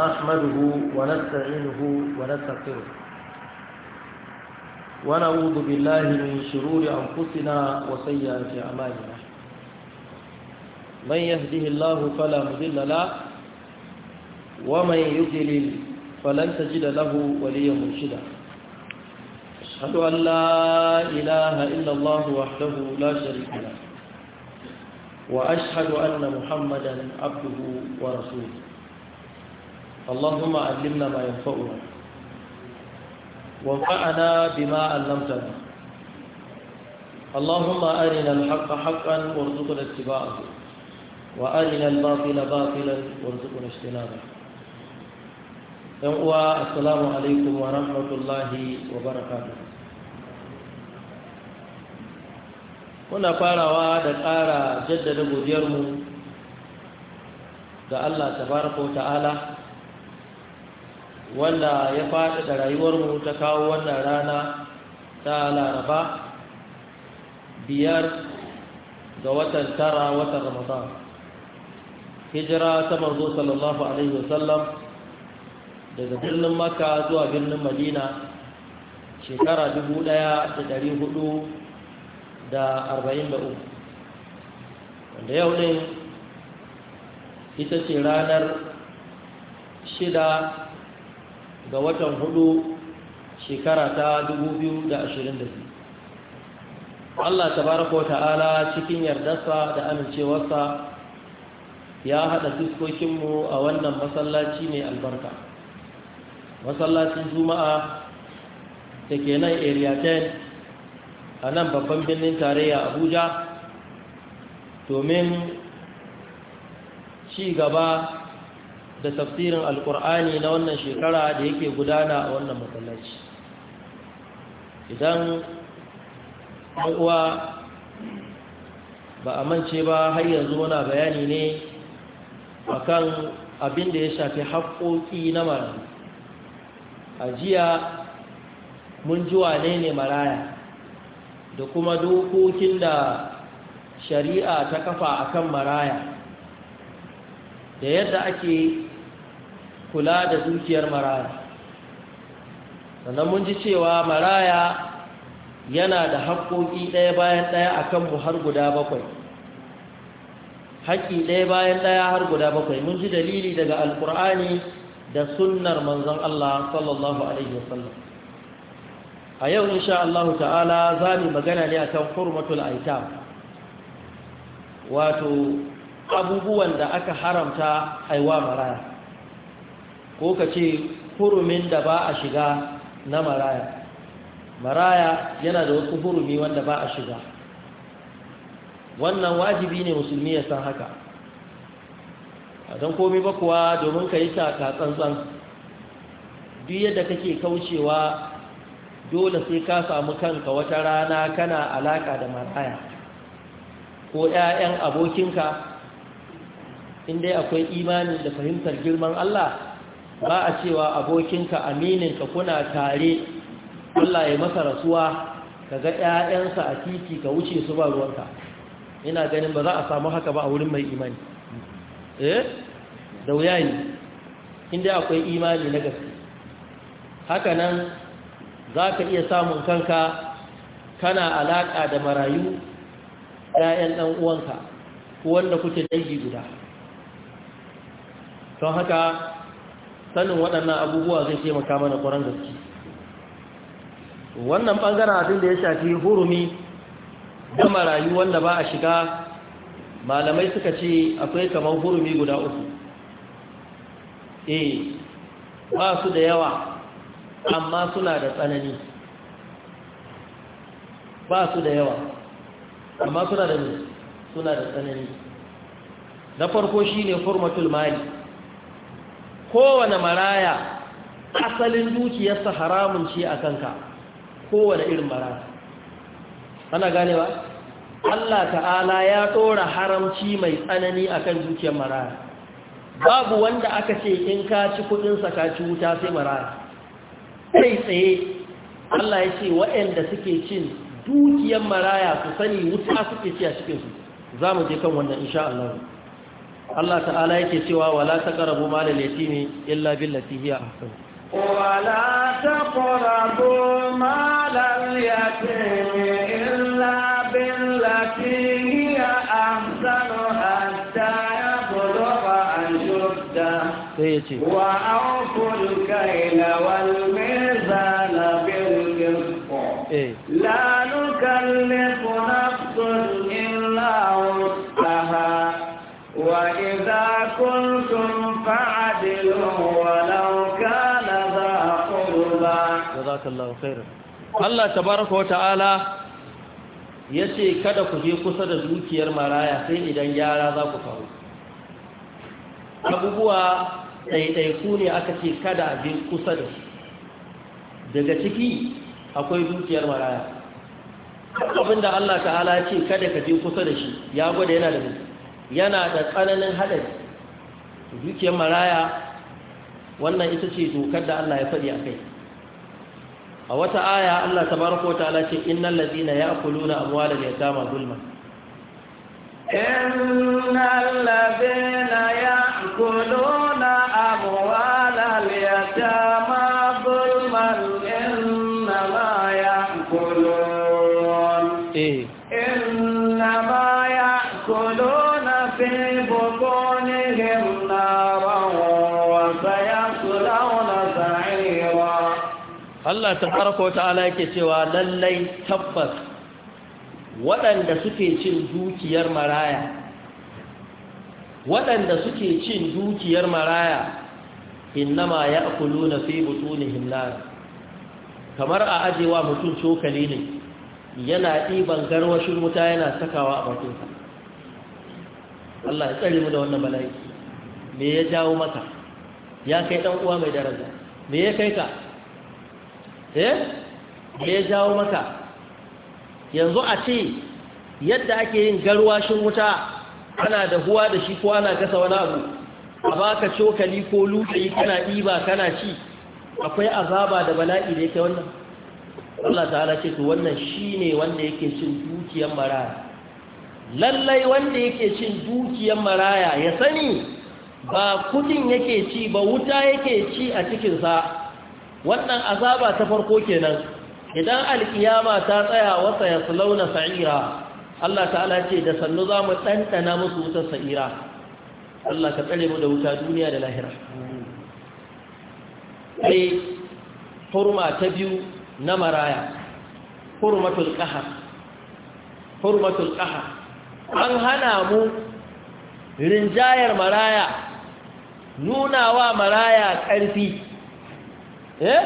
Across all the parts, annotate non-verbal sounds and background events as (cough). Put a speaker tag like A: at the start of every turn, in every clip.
A: نحمده ونستعينه ونستغفره ونعوذ بالله من شرور أنفسنا وسيئات أعمالنا من يهده الله فلا مضل له ومن يضلل فلن تجد له وليا مرشدا أشهد أن لا إله إلا الله وحده لا شريك له وأشهد أن محمدا عبده ورسوله اللهم علمنا ما ينفعنا وانفعنا بما علمتنا اللهم أرنا الحق حقا وارزقنا اتباعه وأرنا الباطل باطلا وارزقنا اجتنابه يوم السلام عليكم ورحمة الله وبركاته muna farawa da ƙara jaddada godiyarmu ga Allah tabaraka ta'ala wanda ya faɗi da rayuwarmu ta kawo wannan rana ta laraba biyar ga watan tara watan ramadan hijira ta marzo sallallahu alaihi wasallam daga birnin maka zuwa birnin madina shekara da 1443 wanda yau ne ita ce ranar shida ga watan hudu shekara ta 2022 Allah tabaraka wa ta'ala cikin yardarsa da amincewarsa ya haɗa fiskokinmu a wannan masallaci mai albarka masallacin juma'a da ke nan area 10 a nan babban birnin tarayya abuja domin ci gaba da tafsirin alkur'ani na wannan shekara da yake gudana a wannan matsalaci idan uwa ba a mance ba har yanzu muna bayani ne a kan abin da ya shafi haƙoƙi na marayu a jiya mun ji wane ne maraya da kuma dokokin da shari'a ta kafa akan maraya da yadda ake kula da dukiyar maraya sannan mun ji cewa maraya yana da haƙoƙi ɗaya bayan ɗaya a kanmu har guda bakwai haƙƙi ɗaya bayan ɗaya har guda bakwai mun ji dalili daga alƙur'ani da sunnar manzon Allah sallallahu alaihi wasallam a yau insha Allah ta'ala za mu magana ne akan hurmatul aitam wato abubuwan da aka haramta aiwa maraya ko ka ce hurumin da ba a shiga na maraya maraya yana da wasu hurumi wanda ba a shiga wannan wajibi ne musulmi ya san haka a don komi ba kuwa domin ka yi shaka tsantsan duk yadda kake kaucewa dole sai ka samu kanka wata rana kana alaka da maraya ko 'ya'yan abokinka inda akwai imani da fahimtar girman Allah ba a cewa abokinka amininka kuna tare Allah ya masa rasuwa ka ga 'ya'yansa a titi ka wuce su ba ruwanka ina ganin ba za a samu haka ba a wurin mai imani eh da wuya ne inda akwai imani na gaske haka nan za ka iya samun kanka kana alaƙa da marayu 'ya'yan ɗan uwanka wanda kuke dangi guda don haka sanin waɗannan abubuwa zai taimaka na ƙwarar gaske wannan ɓangaren abin da ya shafi hurumi gama marayu wanda ba a shiga malamai suka ce akwai kamar hurumi guda uku E, ba su da yawa amma suna da tsanani ba su da yawa amma suna da tsanani na farko shi ne hurmatul mali kowane maraya asalin dukiyarsa haramun ce a kanka kowane irin maraya ana gane ba Allah ta'ala ya ɗora haramci mai tsanani akan dukiyar maraya babu wanda aka ce in ka ci kudinsa ka ci wuta sai maraya kai tsaye Allah ya ce waɗanda suke cin dukiyar maraya su sani wuta suke ci a cikinsu za mu je kan wannan insha Allah Allah ta'ala yake cewa wala taqrabu malal yatimi illa billati hiya ahsan
B: wala taqrabu malal yatimi illa billati hiya ahsan hatta yablugha ashudda sai yace wa aqul kayla wal mizana bil qist eh. la nukallifu nafsan illa wusaha وإذا كنتم فعدلوا ولو كان ذا قربا
A: جزاك الله خيرا الله تبارك وتعالى yace kada ku je kusa da dukiyar maraya sai idan yara za ku faru abubuwa ɗaiɗaiku ne aka ce kada a je kusa da su daga ciki akwai dukiyar maraya abinda Allah ta'ala ce kada ka je kusa da shi ya gwada yana da yana da tsananin haɗari dukiyar maraya wannan ita ce dokar da Allah ya faɗi a kai a wata aya Allah ta tabaraka ta ta'ala ce innal ladina ya'kuluna amwalal yatama zulman
B: innal ladina ya'kuluna ya yatama
A: Allah ta ala yake cewa lallai tabbas waɗanda suke cin dukiyar maraya waɗanda suke cin dukiyar maraya innama na fi butunihim nar kamar a ajewa mutum cokali ne yana ɗiban garwashin wuta yana sakawa a bakinsa Allah ya tsari mu da wannan bala'i me ya jawo maka ya kai dan uwa mai daraja me ya kai ka eh ya jawo maka yanzu a ce yadda ake yin garwashin wuta ana huwa da shi ko ana gasa wani abu a baka cokali ko lutsayi kana ɗiba kana ci akwai azaba da bala'i da yake wannan Allah ta'ala ce to wannan shi ne wanda yake cin dukiyar maraya lallai wanda yake cin dukiyar maraya ya sani ba kudin yake ci ba wuta yake ci a cikinsa wannan azaba ta farko kenan idan alkiyama ta tsaya wasa ya salauna sa'ira Allah ta'ala ce da sannu za mu ɗanɗana musu wutar sa'ira Allah ka tsare mu da wuta duniya da lahira sai hurma ta biyu na maraya hurmatul qahar hurmatul qahar
C: an hana mu
A: rinjayar maraya nuna wa maraya ƙarfi Eh?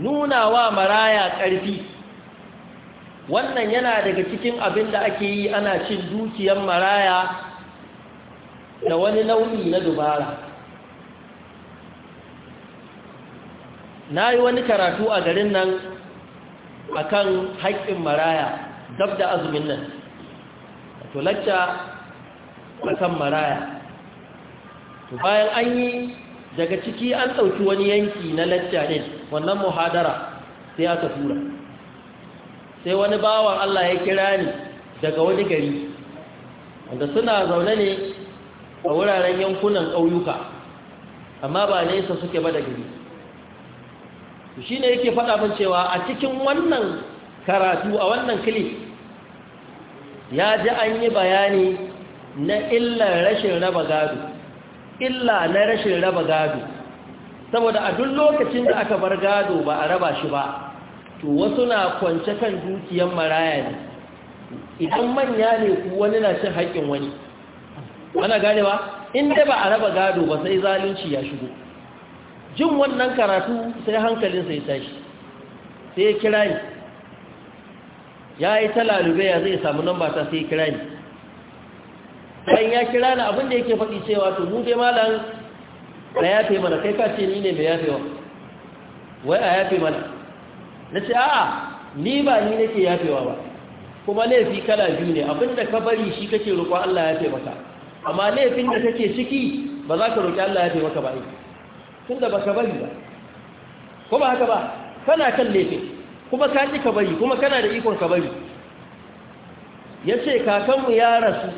A: nuna wa maraya ƙarfi wannan yana daga cikin abin da ake yi ana cin dukiyar maraya da wani nauni na dubara na yi wani karatu a garin nan a kan haƙƙin maraya dab da azumin nan a to lacca kan maraya to bayan an yi daga ciki an ɗauki wani yanki na lacca ne wannan muhadara sai aka tura sai wani bawan Allah ya kira ni daga wani gari wanda suna zaune ne a wuraren yankunan ƙauyuka amma ba nesa suke ba da gari shi ne yake faɗa min cewa a cikin wannan karatu a wannan kilif ya ji an yi bayani na illar rashin raba gado illa na rashin raba gado saboda a duk lokacin da aka bar gado ba a raba shi ba to wasu na kwance kan dukiyar maraya ne idan manya ne ku wani na cin haƙƙin wani ba, in inda ba a raba gado ba sai zalunci ya shigo jin wannan karatu sai hankalin sai tashi sai ya ya yi lalube ya zai samu nan ba ta sai dan ya kira ni abin da yake faɗi cewa to mu dai malam da yafe mana kai ka ce ni ne mai yafewa wai a yafe mana na ce a'a ni ba ni nake yafewa ba kuma laifi kala biyu ne abinda ka bari shi kake roƙon Allah ya fi maka amma laifin da kake ciki ba za ka roƙi Allah ya fi maka ba da ba baka bari ba ko ba haka ba kana kan laifin kuma ka ji ka bari kuma kana da ikon ka bari Ya ce kakanmu ya rasu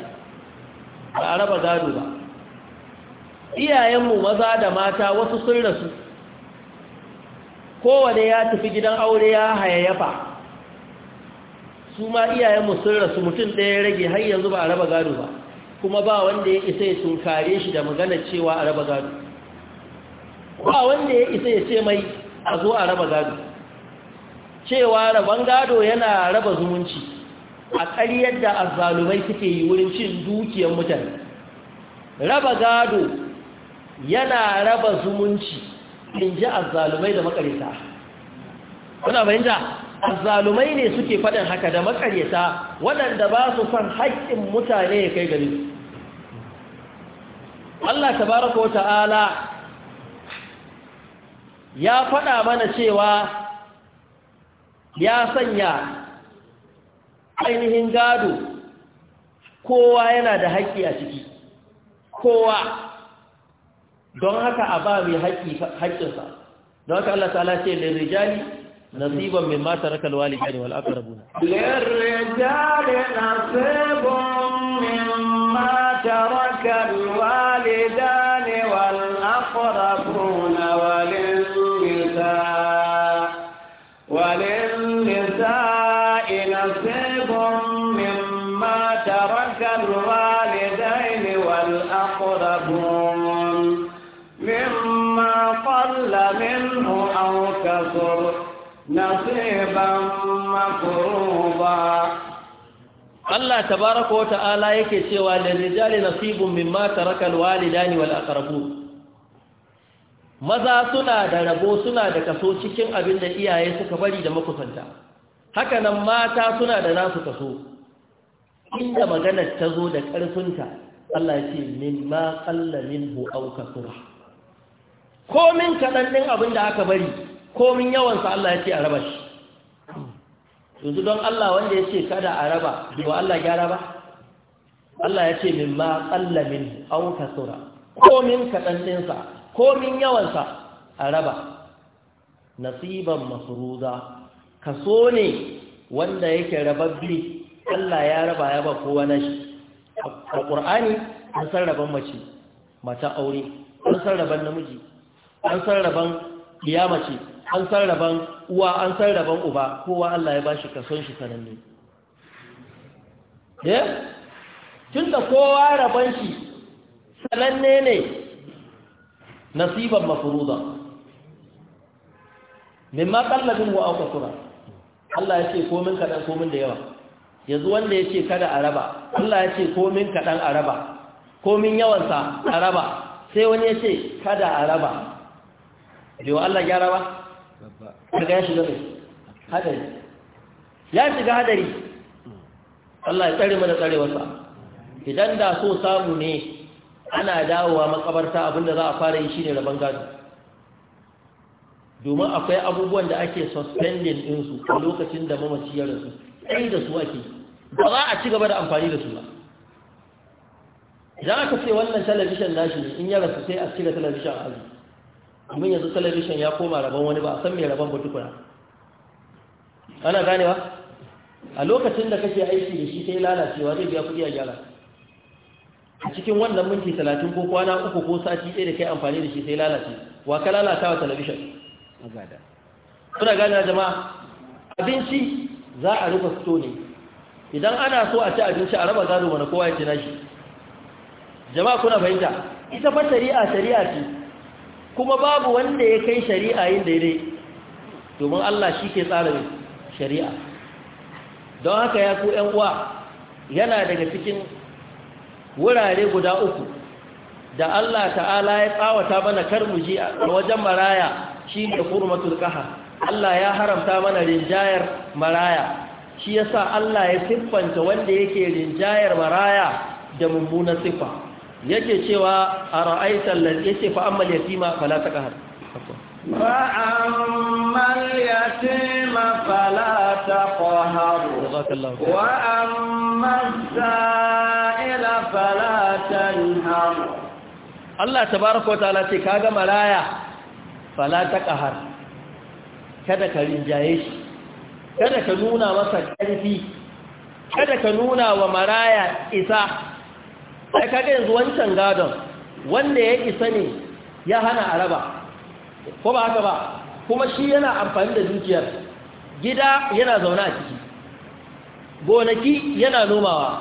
A: ba a raba gado ba iyayenmu maza da mata wasu sun rasu kowane ya tafi gidan aure ya hayayyafa su ma iyayenmu sun rasu mutum ɗaya rage har yanzu ba a raba gado ba kuma ba wanda ya isa ya tunkare shi da magana cewa a raba gado ba wanda ya isa ya ce mai a zo a raba gado cewa raban gado yana raba zumunci a ƙaryar da azzalumai suke yi wurin cin dukiyar mutane raba gado yana raba zumunci in ji azzalumai da makarita kuna bayanta azzalumai ne suke faɗin haka da makarita waɗanda ba su san haƙƙin mutane ya kai gari Allah tabaraka wa ta'ala ya faɗa mana cewa ya sanya ainihin gado kowa yana da haƙƙi a ciki kowa don haka a ba mai haƙƙinsa don haka Allah ta'ala ce lai rijali nasiban mai mata raka alwalidani wal aqrabuna na nasibun
B: min mata raka منه أو كثر نصيبا
A: مفروضا Allah tabaraka وتعالى يكي yake cewa نصيب مما ترك الوالدان والأقربون maza suna da rabo suna da kaso cikin abin da iyaye suka bari da makusanta haka nan mata suna da nasu kaso inda maganar ta zo da ƙarfinta Allah ya ce ma ƙalla min bu'au kasura komin kaɗan ɗin abin da aka bari komin yawansa Allah ya ce a raba shi yanzu don Allah wanda ya ce kada a raba wa Allah gyara ba Allah ya ce min ma tsallamin an kasura komin kaɗan ɗinsa komin yawansa a raba nasiban masuruza kaso ne wanda yake rababbi Allah ya raba ya ba kowa na shi a ƙur'ani an sarraban mace mata aure an sarraban namiji an san rabon ce an san rabon uwa an san rabon uba kowa Allah ya bashi kason shi sananne eh tunda kowa rabon shi sananne ne nasiban mafruda mimma qallabin wa aqsura Allah ya ce komin ko komin da yawa yanzu wanda ya ce kada a raba Allah ya ce komin kaɗan a raba komin yawansa a raba sai wani ya ce kada a raba biyo Allah gyara ba daga ya shiga hadari ya shiga hadari Allah ya tsare mana tsare wasa idan da so samu ne ana dawowa makabarta abinda za a fara yi ne rabon gado domin akwai abubuwan da ake suspending ɗinsu a lokacin da mamaci ya rasu ɗai da su ake ba za a ci gaba da amfani da su ba idan aka ce wannan talabishin nashi in ya rasu sai a cire talabishin a azu domin yanzu talabishin ya koma rabon wani ba a san mai rabon ba tukuna ana ganewa a lokacin da kake aiki da shi sai lalacewa zai biya kudi a gyara a cikin wannan minti talatin ko kwana uku ko sati ɗaya da kai amfani da shi sai lalace wa ka lalata wa talabishin kuna ganewa jama'a abinci za a rufe fito ne idan ana so a ci abinci a raba gado mana kowa ya ci nashi jama'a kuna fahimta ita fa shari'a shari'a ce kuma babu wanda ya kai shari'a yin daidai domin Allah shi ke tsara shari'a don haka ya ku ‘yan uwa yana daga cikin wurare guda uku da Allah ta'ala ya tsawata mana kar karmuji a wajen maraya shi ne kurmatul ƙaha Allah ya haramta mana rinjayar maraya shi yasa Allah ya siffanta wanda yake rinjayar maraya da mummunan siffa yake cewa a ra'aitar yace fa amma yatima fala taqhar
B: fa amma yatima fala
A: taqhar wa
B: amma sa'ila
A: fala tanhar Allah tabaaraka wa ta'ala ce kaga malaya fala taqhar kada ka rinjaye shi kada ka nuna masa ƙarfi kada ka nuna wa maraya isa ai kaga yanzu wancan gadon wanda ya isa ne ya hana a ko ba haka ba kuma shi yana amfani da dukiyar gida yana zaune a ciki gonaki yana nomawa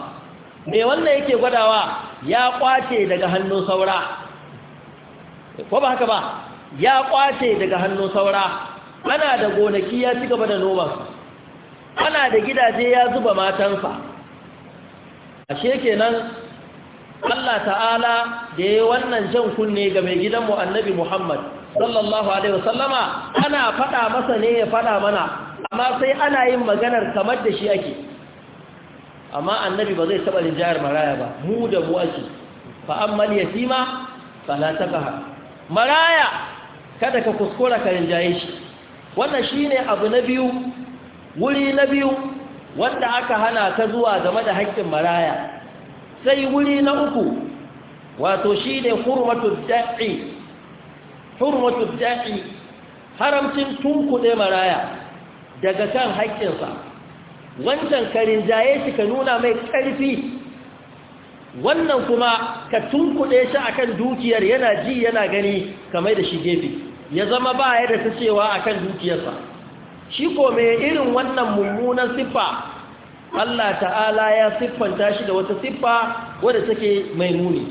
A: me wannan yake gwadawa ya kwace daga hannun saura ko ba haka ba ya kwace daga hannun saura ana da gonaki ya ci gaba da noma ana da gidaje ya zuba matansa ashe kenan Allah ta'ala da ya wannan jan kunne ga mai gidanmu annabi Muhammad sallallahu alaihi wasallama ana faɗa masa ne ya faɗa mana amma sai ana yin maganar kamar da shi ake amma annabi ba zai taɓa rinjayar maraya ba mu da mu ake fa ammal yatima fala taqha maraya kada ka kuskura ka rinjaye shi wannan shine abu na biyu wuri na biyu wanda aka hana ka zuwa game da haƙƙin maraya sai wuri na uku wato shi ne hurmatu da'i hurmatu haramcin tunkuɗe maraya daga kan haƙƙinsa wancan karin jaye shi ka nuna mai ƙarfi wannan kuma ka tunkuɗe shi akan dukiyar yana ji yana gani kamar da shi gefe ya zama ba ya da ta cewa akan dukiyarsa shi ko mai irin wannan mummunan siffa Allah ta'ala ya siffanta shi da wata siffa wadda take mai muni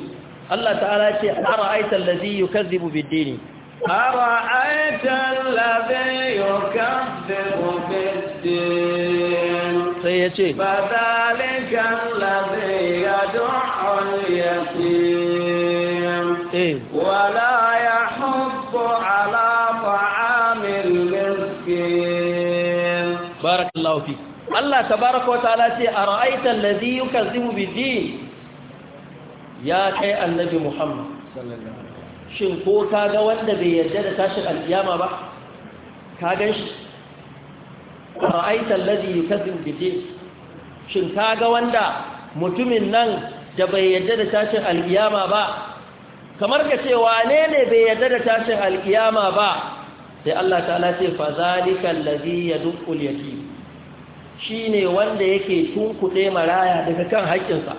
A: Allah ta'ala ce ara'aita allazi yukazzibu bid-din ara'aita allazi yukazzibu bid-din sai yace
B: fadhalika allazi yad'u al-yatim eh. wa la yahuddu ala ta'amil miskin barakallahu
A: fik Allah tabaraka wa ta'ala ce a allazi yukazzibu bid-din ya kai annabi Muhammad sallallahu alaihi wasallam shin ko ka ga wanda bai yarda da tashin alkiyama ba ka ganshi a allazi yukazzibu bid-din shin ka ga wanda mutumin nan da bai yarda da tashin alkiyama ba kamar ka ce wane ne bai yarda da tashin alkiyama ba sai Allah ta'ala ce fa zalikal ladhi yadukul yatim shine wanda yake tunkuɗe maraya daga kan haƙƙinsa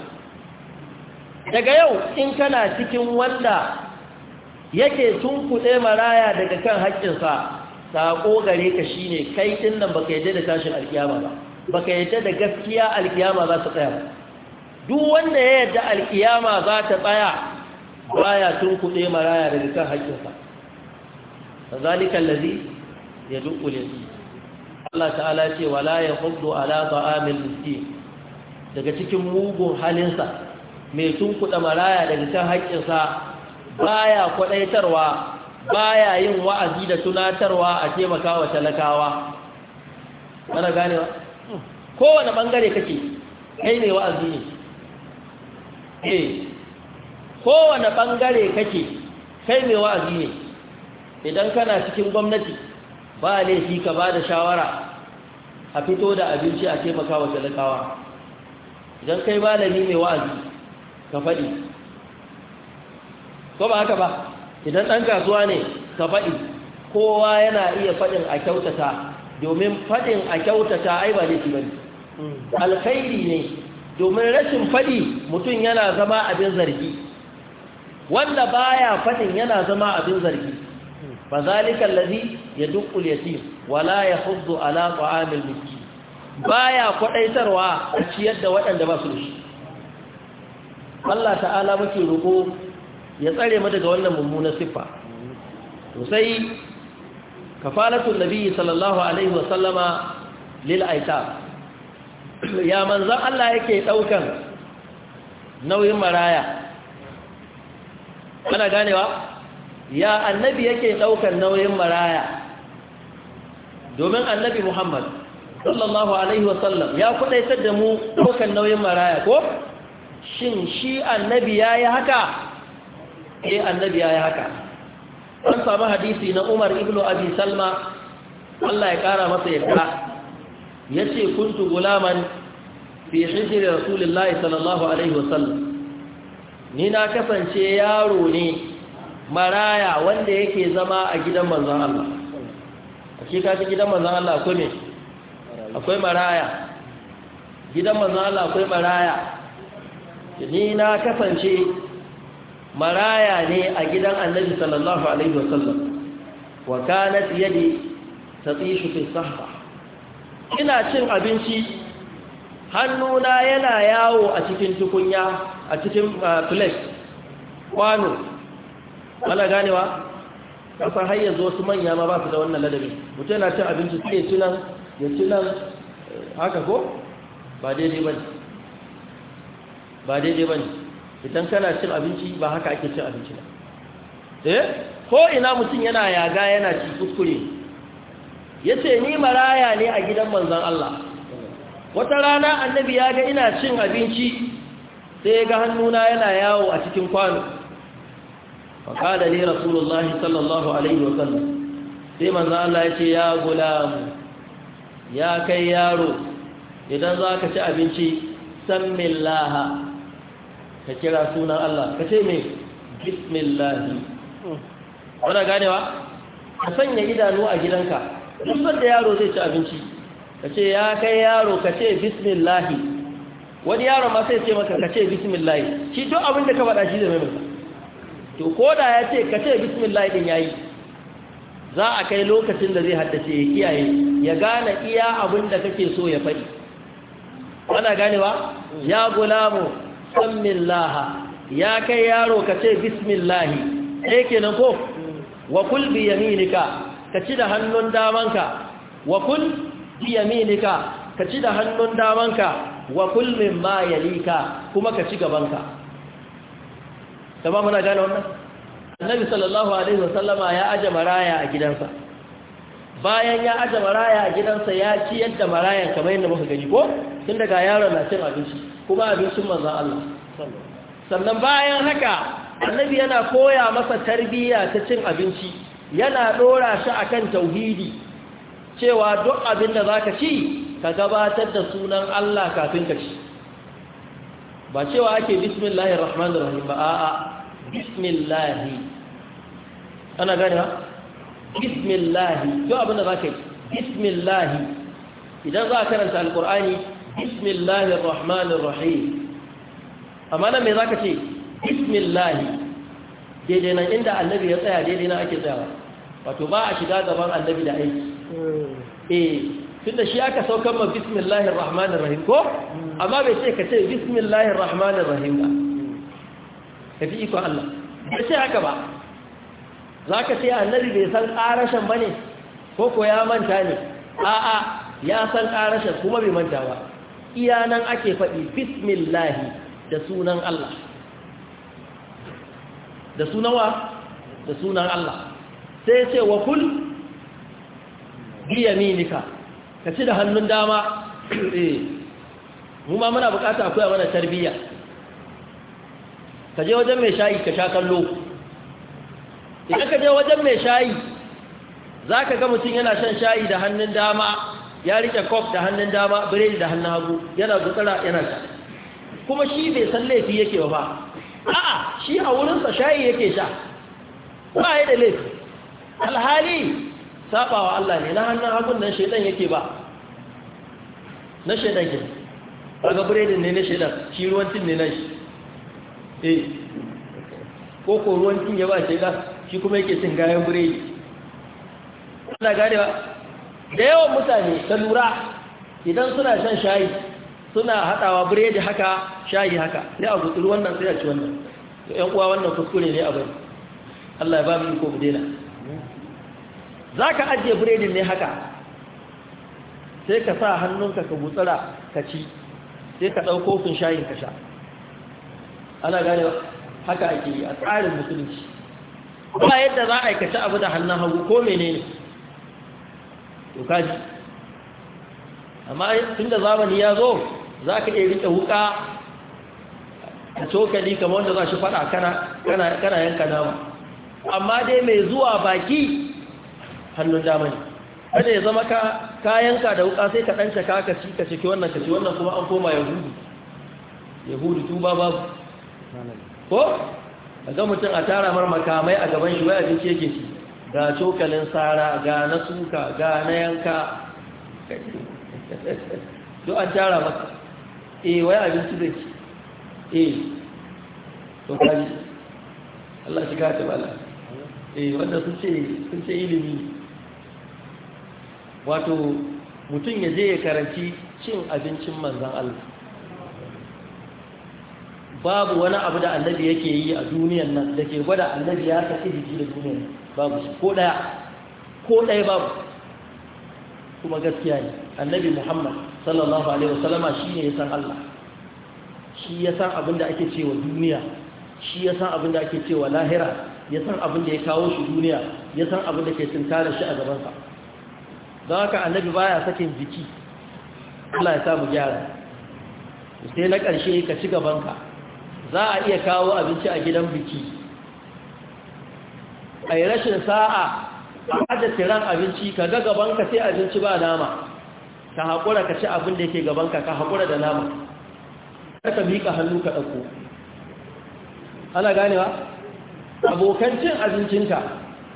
A: daga yau in kana cikin wanda yake tunkuɗe maraya daga kan haƙƙinsa saƙo gare ka shine kai ɗin nan baka yadda da tashin alkiyama ba baka yadda da gaskiya alkiyama za ta tsaya ba duk wanda ya yadda alkiyama za ta tsaya baya tunkuɗe maraya daga kan haƙƙinsa zalika ya yad'u lil Allah ta'ala ce wala yahuddu ala ta'amil miskin daga cikin mugun halinsa mai tunkuɗa maraya daga kan haƙƙinsa baya kwadaitarwa baya yin wa'azi da tunatarwa a taimaka wa talakawa mana ganewa kowane ɓangare kake kai ne wa'azi ne eh kowane bangare kake kai ne wa'azi ne idan kana cikin gwamnati ba laifi ka ba da shawara a fito da abinci a taimaka wa talakawa idan kai malami mai wa'azi ka faɗi ko ba haka ba idan ɗan kasuwa ne ka faɗi kowa yana iya faɗin a kyautata domin faɗin a kyautata ai ba ne ba ne alkhairi ne domin rashin faɗi mutum yana zama abin zargi wanda baya faɗin yana zama abin zargi fa zalika allazi yadqul yatim wala yahuddu ala ta'amil miskin baya kwadaitarwa a ciyar da waɗanda ba su da shi Allah ta'ala muke roƙo ya tsare mu daga wannan mummunan siffa to sai kafalatul nabi sallallahu alaihi Wasallama. lil aitab ya Allah yake daukan nauyin maraya kana ganewa ya annabi yake ɗaukar nauyin maraya domin annabi muhammad sallallahu alaihi wasallam ya kudaitar da mu ɗaukar nauyin maraya ko shin shi annabi ya yi haka eh annabi ya yi haka an samu hadisi na umar ibn abi salma Allah ya kara masa yadda ya ce kuntu gulaman fi hijirar rasulullahi sallallahu alaihi wasallam ni na kasance yaro ne maraya wanda yake zama a gidan manzan Allah hakika kashi gidan manzan Allah akwai me akwai maraya gidan manzan Allah akwai maraya ni na kasance maraya ne a gidan Annabi sallallahu alaihi wasallam wa kanat yadi tatishu fi sahba ina cin abinci hannuna yana yawo a cikin tukunya a cikin uh, plate kwano ana ganewa kasan har yanzu wasu manya ma ba su da wannan ladabi mutum yana cin abinci sai ya ci nan ya ci nan haka ko ba daidai ba ne ba daidai ba ne idan kana cin abinci ba haka ake cin abinci ba. eh ko ina mutum yana yaga yana ci kuskure yace ni maraya ne a gidan manzan Allah wata rana annabi ya ga ina cin abinci sai ya ga hannuna yana yawo a cikin kwano faƙada ne rasulullahi sallallahu alaihi wasallam sai manzo Allah ya ce ya gulam ya kai yaro idan za ka ci abinci sammillaha ka kira sunan Allah ka ce mai bismillahi gane ganewa ka sanya idanu a gidanka duk wanda yaro zai ci abinci ka ce ya kai yaro ka ce bismillah wani yaro ma sai ce maka ka ce bismillah shi duk abin da ka faɗa shi zai mai masa to ko da ya ce ka ce bismillah din yayi za a kai lokacin da zai haddace ya kiyaye ya gane iya abinda kake so ya faɗi ana ganewa ya gulamu sammillaha ya kai yaro ka ce bismillahi sai kenan ko wa kul bi yaminika ka ci da hannun damanka wa kul bi yaminika ka ci da hannun damanka wa kul mimma yalika kuma ka ci gabanka ba muna gane wannan annabi sallallahu alaihi sallama ya aje maraya a gidansa bayan ya aje maraya a gidansa ya ci yadda marayan kamar yadda muka gani ko tun daga yaron na cin abinci kuma abincin manzo Allah sannan bayan haka annabi yana koya masa tarbiyya ta cin abinci yana dora shi akan tauhidi cewa duk abin da zaka ci ka gabatar da sunan Allah kafin ka ci ba cewa ake bismillahir rahmanir rahim ba a'a bismillahi ana gane ha bismillahi yau abinda za ka yi bismillahi idan za a karanta alkur'ani bismillahi rahmanin rahim amma nan mai za ka ce bismillahi daidai nan inda annabi ya tsaya daidai nan ake tsayawa wato ba a shiga gaban annabi da aiki hmm. eh tun da shi aka saukan ma bismillahi rahmanin rahim ko hmm. amma bai ce ka ce bismillahi rahmanin rahim ba ka fi ikon Allah ba ce haka ba za ka ce annabi bai san ƙarashen ba ne ko ko ya manta ne a'a ya san ƙarashen kuma bai manta ba iya nan ake faɗi bismillahi da sunan Allah da sunawa da sunan Allah sai ce wa kul biyaminika ka ci da hannun dama eh mu ma muna bukata akwai mana tarbiyya ka je wajen mai shayi ka sha kallo idan ka je wajen mai shayi za ka ga mutum yana shan shayi da hannun dama ya rike kof da hannun dama biredi da hannun hagu yana gutsara yana sha kuma shi bai san laifi yake ba a'a shi a wurinsa shayi yake sha ba ya da laifi alhali sabawa Allah ne na hannun hagun nan shaidan yake ba na shaidan ke ga biredin ne na shaidan shi ruwan tin ne na shi Eh. ko ko ruwan cin ya ba shi ga shi kuma yake cin gayan biredi ana gane ba da yawan mutane ta lura idan suna shan shayi suna haɗawa biredi haka shayi haka sai a gutsuri wannan sai a ci wannan yan uwa wannan kuskure ne a bari Allah ya ba mu iko za zaka ajiye biredin ne haka sai ka sa hannunka ka gutsura ka ci sai ka ɗauko sun shayin ka sha ana gane haka ake a tsarin musulunci ba yadda za a aikace abu da hannun hagu ko menene to kaji amma tun da zamani ya zo za ka iya rike wuka a cokali kamar wanda za shi faɗa kana yanka nama amma dai mai zuwa baki hannun damani wanda kada ya zama ka yanka da wuka sai ka ɗanta ka ci ka ciki wannan ci wannan kuma an koma yahudu yahudu tuba babu ko ga mutum a tara mar makamai a gaban shi wai abinci yake shi. ga cokalin tsara ga na suka ga na yanka (laughs) duk an tara maka eh wai abinci da shi. eh to kaji Allah shi ka ta bala eh wanda sun ce sun ce ilimi wato mutum ya je ya karanci cin abincin manzan Allah babu wani abu da annabi yake yi a duniyar nan da ke gwada annabi ya saki jiki da duniyar babu shi ko ɗaya ko ɗaya babu kuma gaskiya ne annabi muhammad sallallahu alaihi wasallama shi ne ya san allah shi ya san abin da ake cewa duniya shi ya san abin da ake cewa lahira ya san abin da ya kawo shi duniya ya san abin da ke tunkara shi a gabansa don haka annabi baya sakin jiki allah ya samu gyara sai na ƙarshe ka ci gabanka za a iya kawo abinci a gidan biki a rashin sa'a a ajiye tiran abinci ka ga gabanka sai abinci ba nama ka haƙura ka ci abin da yake gabanka ka haƙura da nama ka miƙa hannu ka ɗauko ana ganewa abokan cin abincinka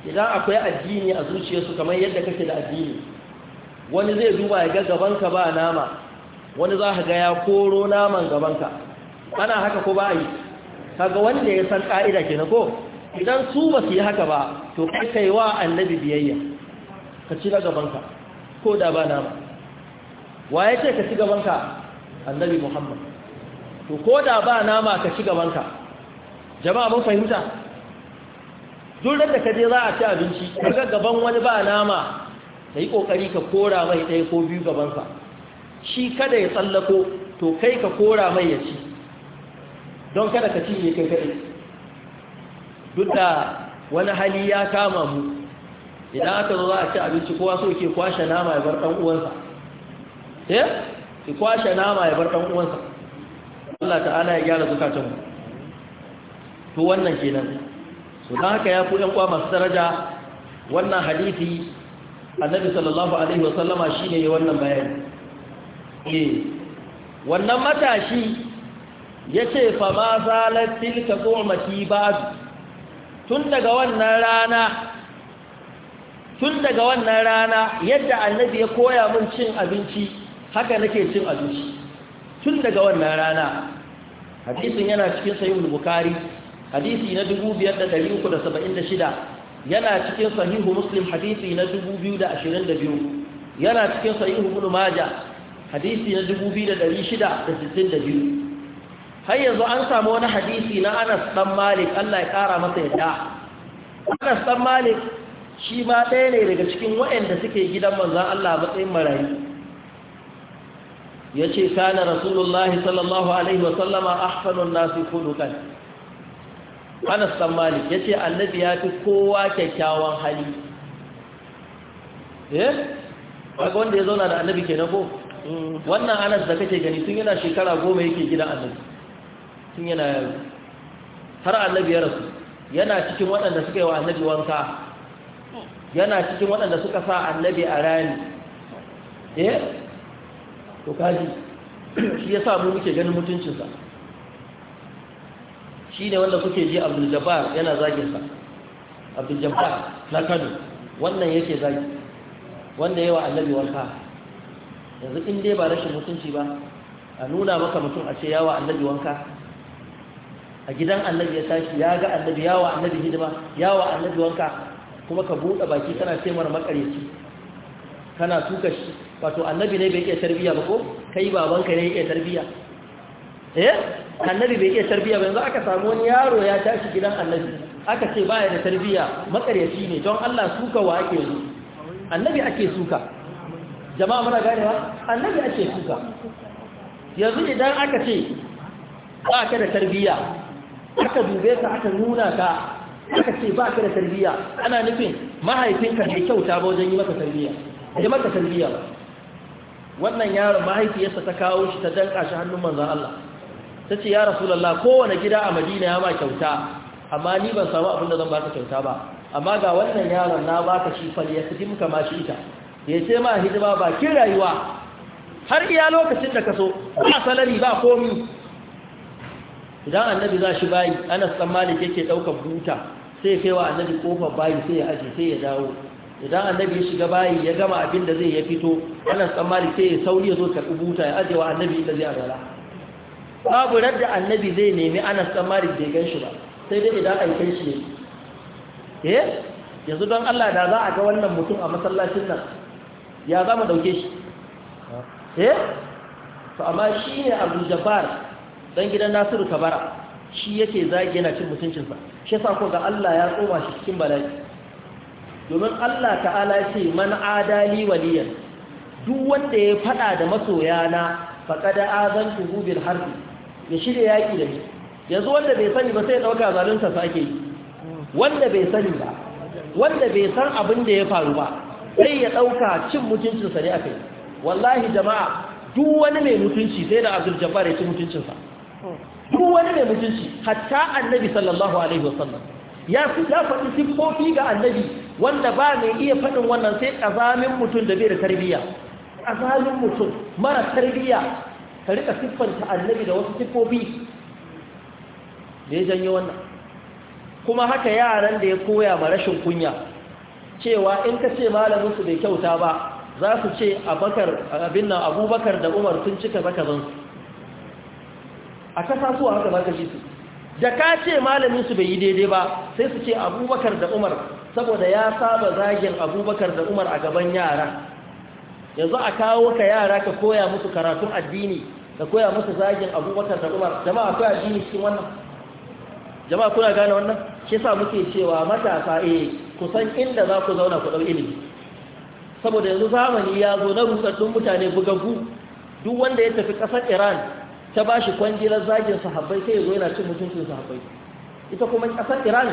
A: idan akwai addini a zuciyarsu kamar yadda kake da addini wani zai duba ya ga gabanka ba nama wani za ka ga ya koro naman gabanka ana haka ko ba yi kaga wanda ya san ka'ida kenan ko idan su ba su yi haka ba to kai kai wa annabi biyayya ka ci na gabanka ko da ba nama wa ya ce ka ci gabanka annabi muhammad to ko da ba nama ka ci gabanka jama'a mun fahimta durar da ka je za a ci abinci ka gaban wani ba nama ka yi ƙoƙari ka kora mai ɗaya ko biyu gabansa shi kada ya tsallako to kai ka kora mai ya ci don kada ka cinye kai kai duk da wani hali ya kama mu idan aka zo za a ci abinci kowa so ke kwashe nama ya bar dan uwansa eh ki kwashe nama ya bar dan uwansa Allah ta'ala ya gyara zukatan mu to wannan kenan so dan haka ya ku ɗan kwa masu daraja wannan hadisi annabi sallallahu alaihi wasallama shine ya wannan bayani eh wannan matashi ya ce fa ma zalar tilka tsohmaki su tun daga wannan rana tun daga wannan rana yadda annabi ya koya min cin abinci haka nake cin abinci tun daga wannan rana hadisin yana cikin sahihul bukhari hadisi na 2376 yana cikin sahihu muslim hadisi na 2022 yana cikin sahihu ibn majah hadisi na 2662 har yanzu an samu wani hadisi na Anas dan Malik Allah ya kara masa yadda Anas dan Malik shi ma ɗaya ne daga cikin wa'anda suke gidan manzan Allah matsayin marayu ya ce kana rasulullahi sallallahu alaihi wasallama ahsanun nasi kudukan anas dan malik ya ce annabi ya fi kowa kyakkyawan hali eh wanda ya zauna da annabi kenan ko wannan anas da kake gani tun yana shekara goma yake gidan annabi tun yana yaro har annabi ya rasu yana cikin waɗanda suka yi wa annabi wanka yana cikin waɗanda suka sa annabi a rani eh to kaji (clears throat) shi ya mu muke ganin mutuncinsa shi ne wanda kuke ji abdul jabbar yana zaginsa abdul jabbar na kano wannan yake zagi wanda yawa annabi wanka yanzu in dai ba rashin mutunci ba a nuna maka mutum a ce yawa annabi wanka a gidan annabi ya tashi ya ga annabi yawa annabi hidima yawa annabi wanka kuma ka buɗe baki kana ce mara makareci kana tuka shi wato annabi ne bai iya tarbiya ba ko kai babanka ne iya tarbiya eh annabi bai iya tarbiya ba yanzu aka samu wani yaro ya tashi gidan annabi aka ce baya da tarbiya makareci ne don Allah suka wa ake yi annabi ake suka jama'a muna ganewa annabi ake suka yanzu idan aka ce ba ka da tarbiya aka dube ka aka nuna ka aka ce ba ka da tarbiyya ana nufin mahaifinka mai kyauta ba wajen yi maka tarbiyya yi maka tarbiya ba wannan yaron mahaifiyarsa ta kawo shi ta danka shi hannun manzan Allah ta ce ya rasulallah kowane gida a madina ya ma kyauta amma ni ban samu abin da zan ka kyauta ba amma ga wannan yaron na ba ka shi fal ya sifim ka ma shi ita ya ce ma hidima ba kin rayuwa har iya lokacin da ka so ba salari ba komi idan annabi za shi bayi anas dan malik yake daukar buta sai kai wa annabi kofar bayi sai ya aje sai ya dawo idan annabi ya shiga bayi ya gama abin da zai ya fito anas dan malik sai ya sauri ya zo karbi buta ya aje wa annabi da zai azara babu radda annabi zai nemi anas dan malik bai gan shi ba sai dai idan an kai shi eh yanzu don Allah da za a ga wannan mutum a masallacin nan ya za mu dauke shi eh to amma shi ne abu jafar dan gidan nasiru kabara shi yake zagi yana cin mutuncinsa shi yasa ko ga Allah ya tsoma shi cikin bala'i domin Allah ta'ala ya ce man adali waliyan duk wanda ya fada da masoyana faqad azantuhu bil harbi ya shirya yaki da ni yanzu wanda bai sani ba sai ya dauka zalunta sa yi wanda bai sani ba wanda bai san abin da ya faru ba sai ya dauka cin mutuncinsa ne akai wallahi jama'a duk wani mai mutunci sai da Abdul Jabbar ya ci mutuncinsa duk wani ne mutunci hatta annabi sallallahu alaihi wasallam ya ya faɗi siffofi ga annabi wanda ba mai iya faɗin wannan sai ƙazamin mutum da bai da tarbiyya Ƙazamin mutum mara tarbiyya ka rika siffanta annabi da wasu siffofi da ya janyo wannan kuma haka yaran da ya koya ma rashin kunya cewa in ka ce malamin su bai kyauta ba za su ce abubakar da umar sun cika zakazansu a ta tasowa haka za su da ka ce malamin su bai yi daidai ba sai su ce abubakar da umar saboda ya saba zagin abubakar da umar a gaban yara yanzu a kawo ka yara ka koya musu karatun addini ka koya musu zagin abubakar da umar jama'a akwai addini cikin wannan jama'a kuna gane wannan shi sa muke cewa matasa eh kusan inda za ku zauna ku ɗau ilimi saboda yanzu zamani ya zo na rutsattun mutane bugaggu duk wanda ya tafi ƙasar iran ta ba shi kwangilar zagin sahabbai sai ya zo yana cin mutuncin sahabbai ita kuma ƙasar iran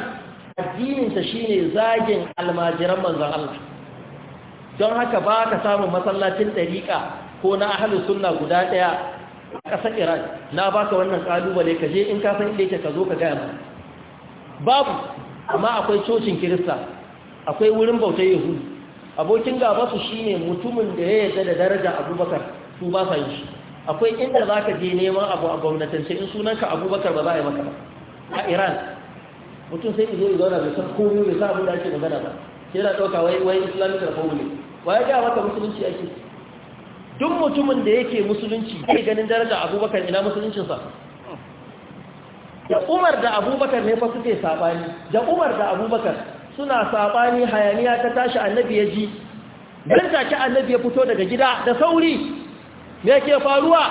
A: addininta shine zagin almajiran manzan Allah don haka ba ka samun masallacin ɗariƙa ko na ahalin sunna guda ɗaya a ƙasar iran na baka wannan ƙalubale ka je in ka san inda yake ka zo ka gaya ma. babu amma akwai cocin kirista akwai wurin bautar Yahudi. abokin gaba su shine mutumin da ya yarda da daraja abubakar su ba sa yi shi akwai inda za ka je neman abu a gwamnatance in sunanka abubakar ba za a yi maka ba a iran mutum sai izo izo na san komai bai sa abin da ake magana ba sai na ɗauka wai wai islamic republic wa ya gaya maka musulunci ake duk mutumin da yake musulunci bai ganin daraja abubakar ina musuluncinsa da umar da abubakar ne fa suke saɓani da umar da abubakar suna saɓani hayaniya ta tashi annabi ya ji ɗan take annabi ya fito daga gida da sauri me yake faruwa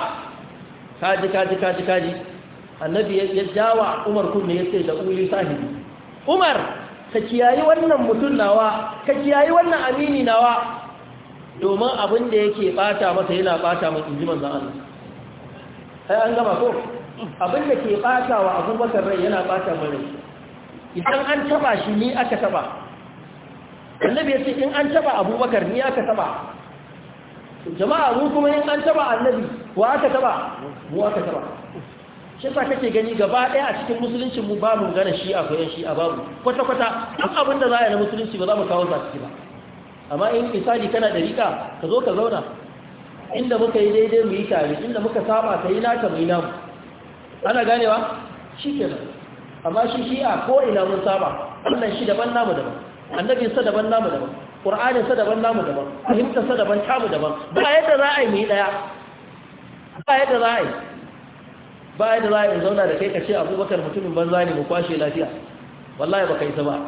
A: kaji kaji kaji kaji annabi ya jawa umar kunne ya ce da uli sahibi umar ka kiyayi wannan mutun nawa ka kiyayi wannan amini nawa domin abin da yake bata masa yana bata mai inji manzan Allah sai an gama ko abin da ke bata wa abubakar rai yana bata mai idan an taba shi ni aka taba annabi ya ce in an taba abubakar ni aka taba jama'a mu kuma in an taba annabi wa aka taba mu aka taba shi sa kake gani gaba ɗaya a cikin musulunci mu ba mu gane shi a koyan shi a babu kwata kwata duk abin da za a yi na musulunci ba za mu kawo za ciki ba amma in misali kana da rika ka zo ka zauna inda muka yi daidai mu yi tare inda muka saba ka yi naka mu yi namu ana ganewa shi ke nan, amma shi shi a ko ina mun saba wannan shi daban namu daban annabinsa daban namu daban ƙur'anin sa daban namu daban fahimtar sa daban tamu daban ba yadda za a yi mu yi ɗaya ba yadda za a yi ba yadda za a yi zauna da kai ka ce abubakar mutumin banza ne mu kwashe lafiya wallahi ba yi ta ba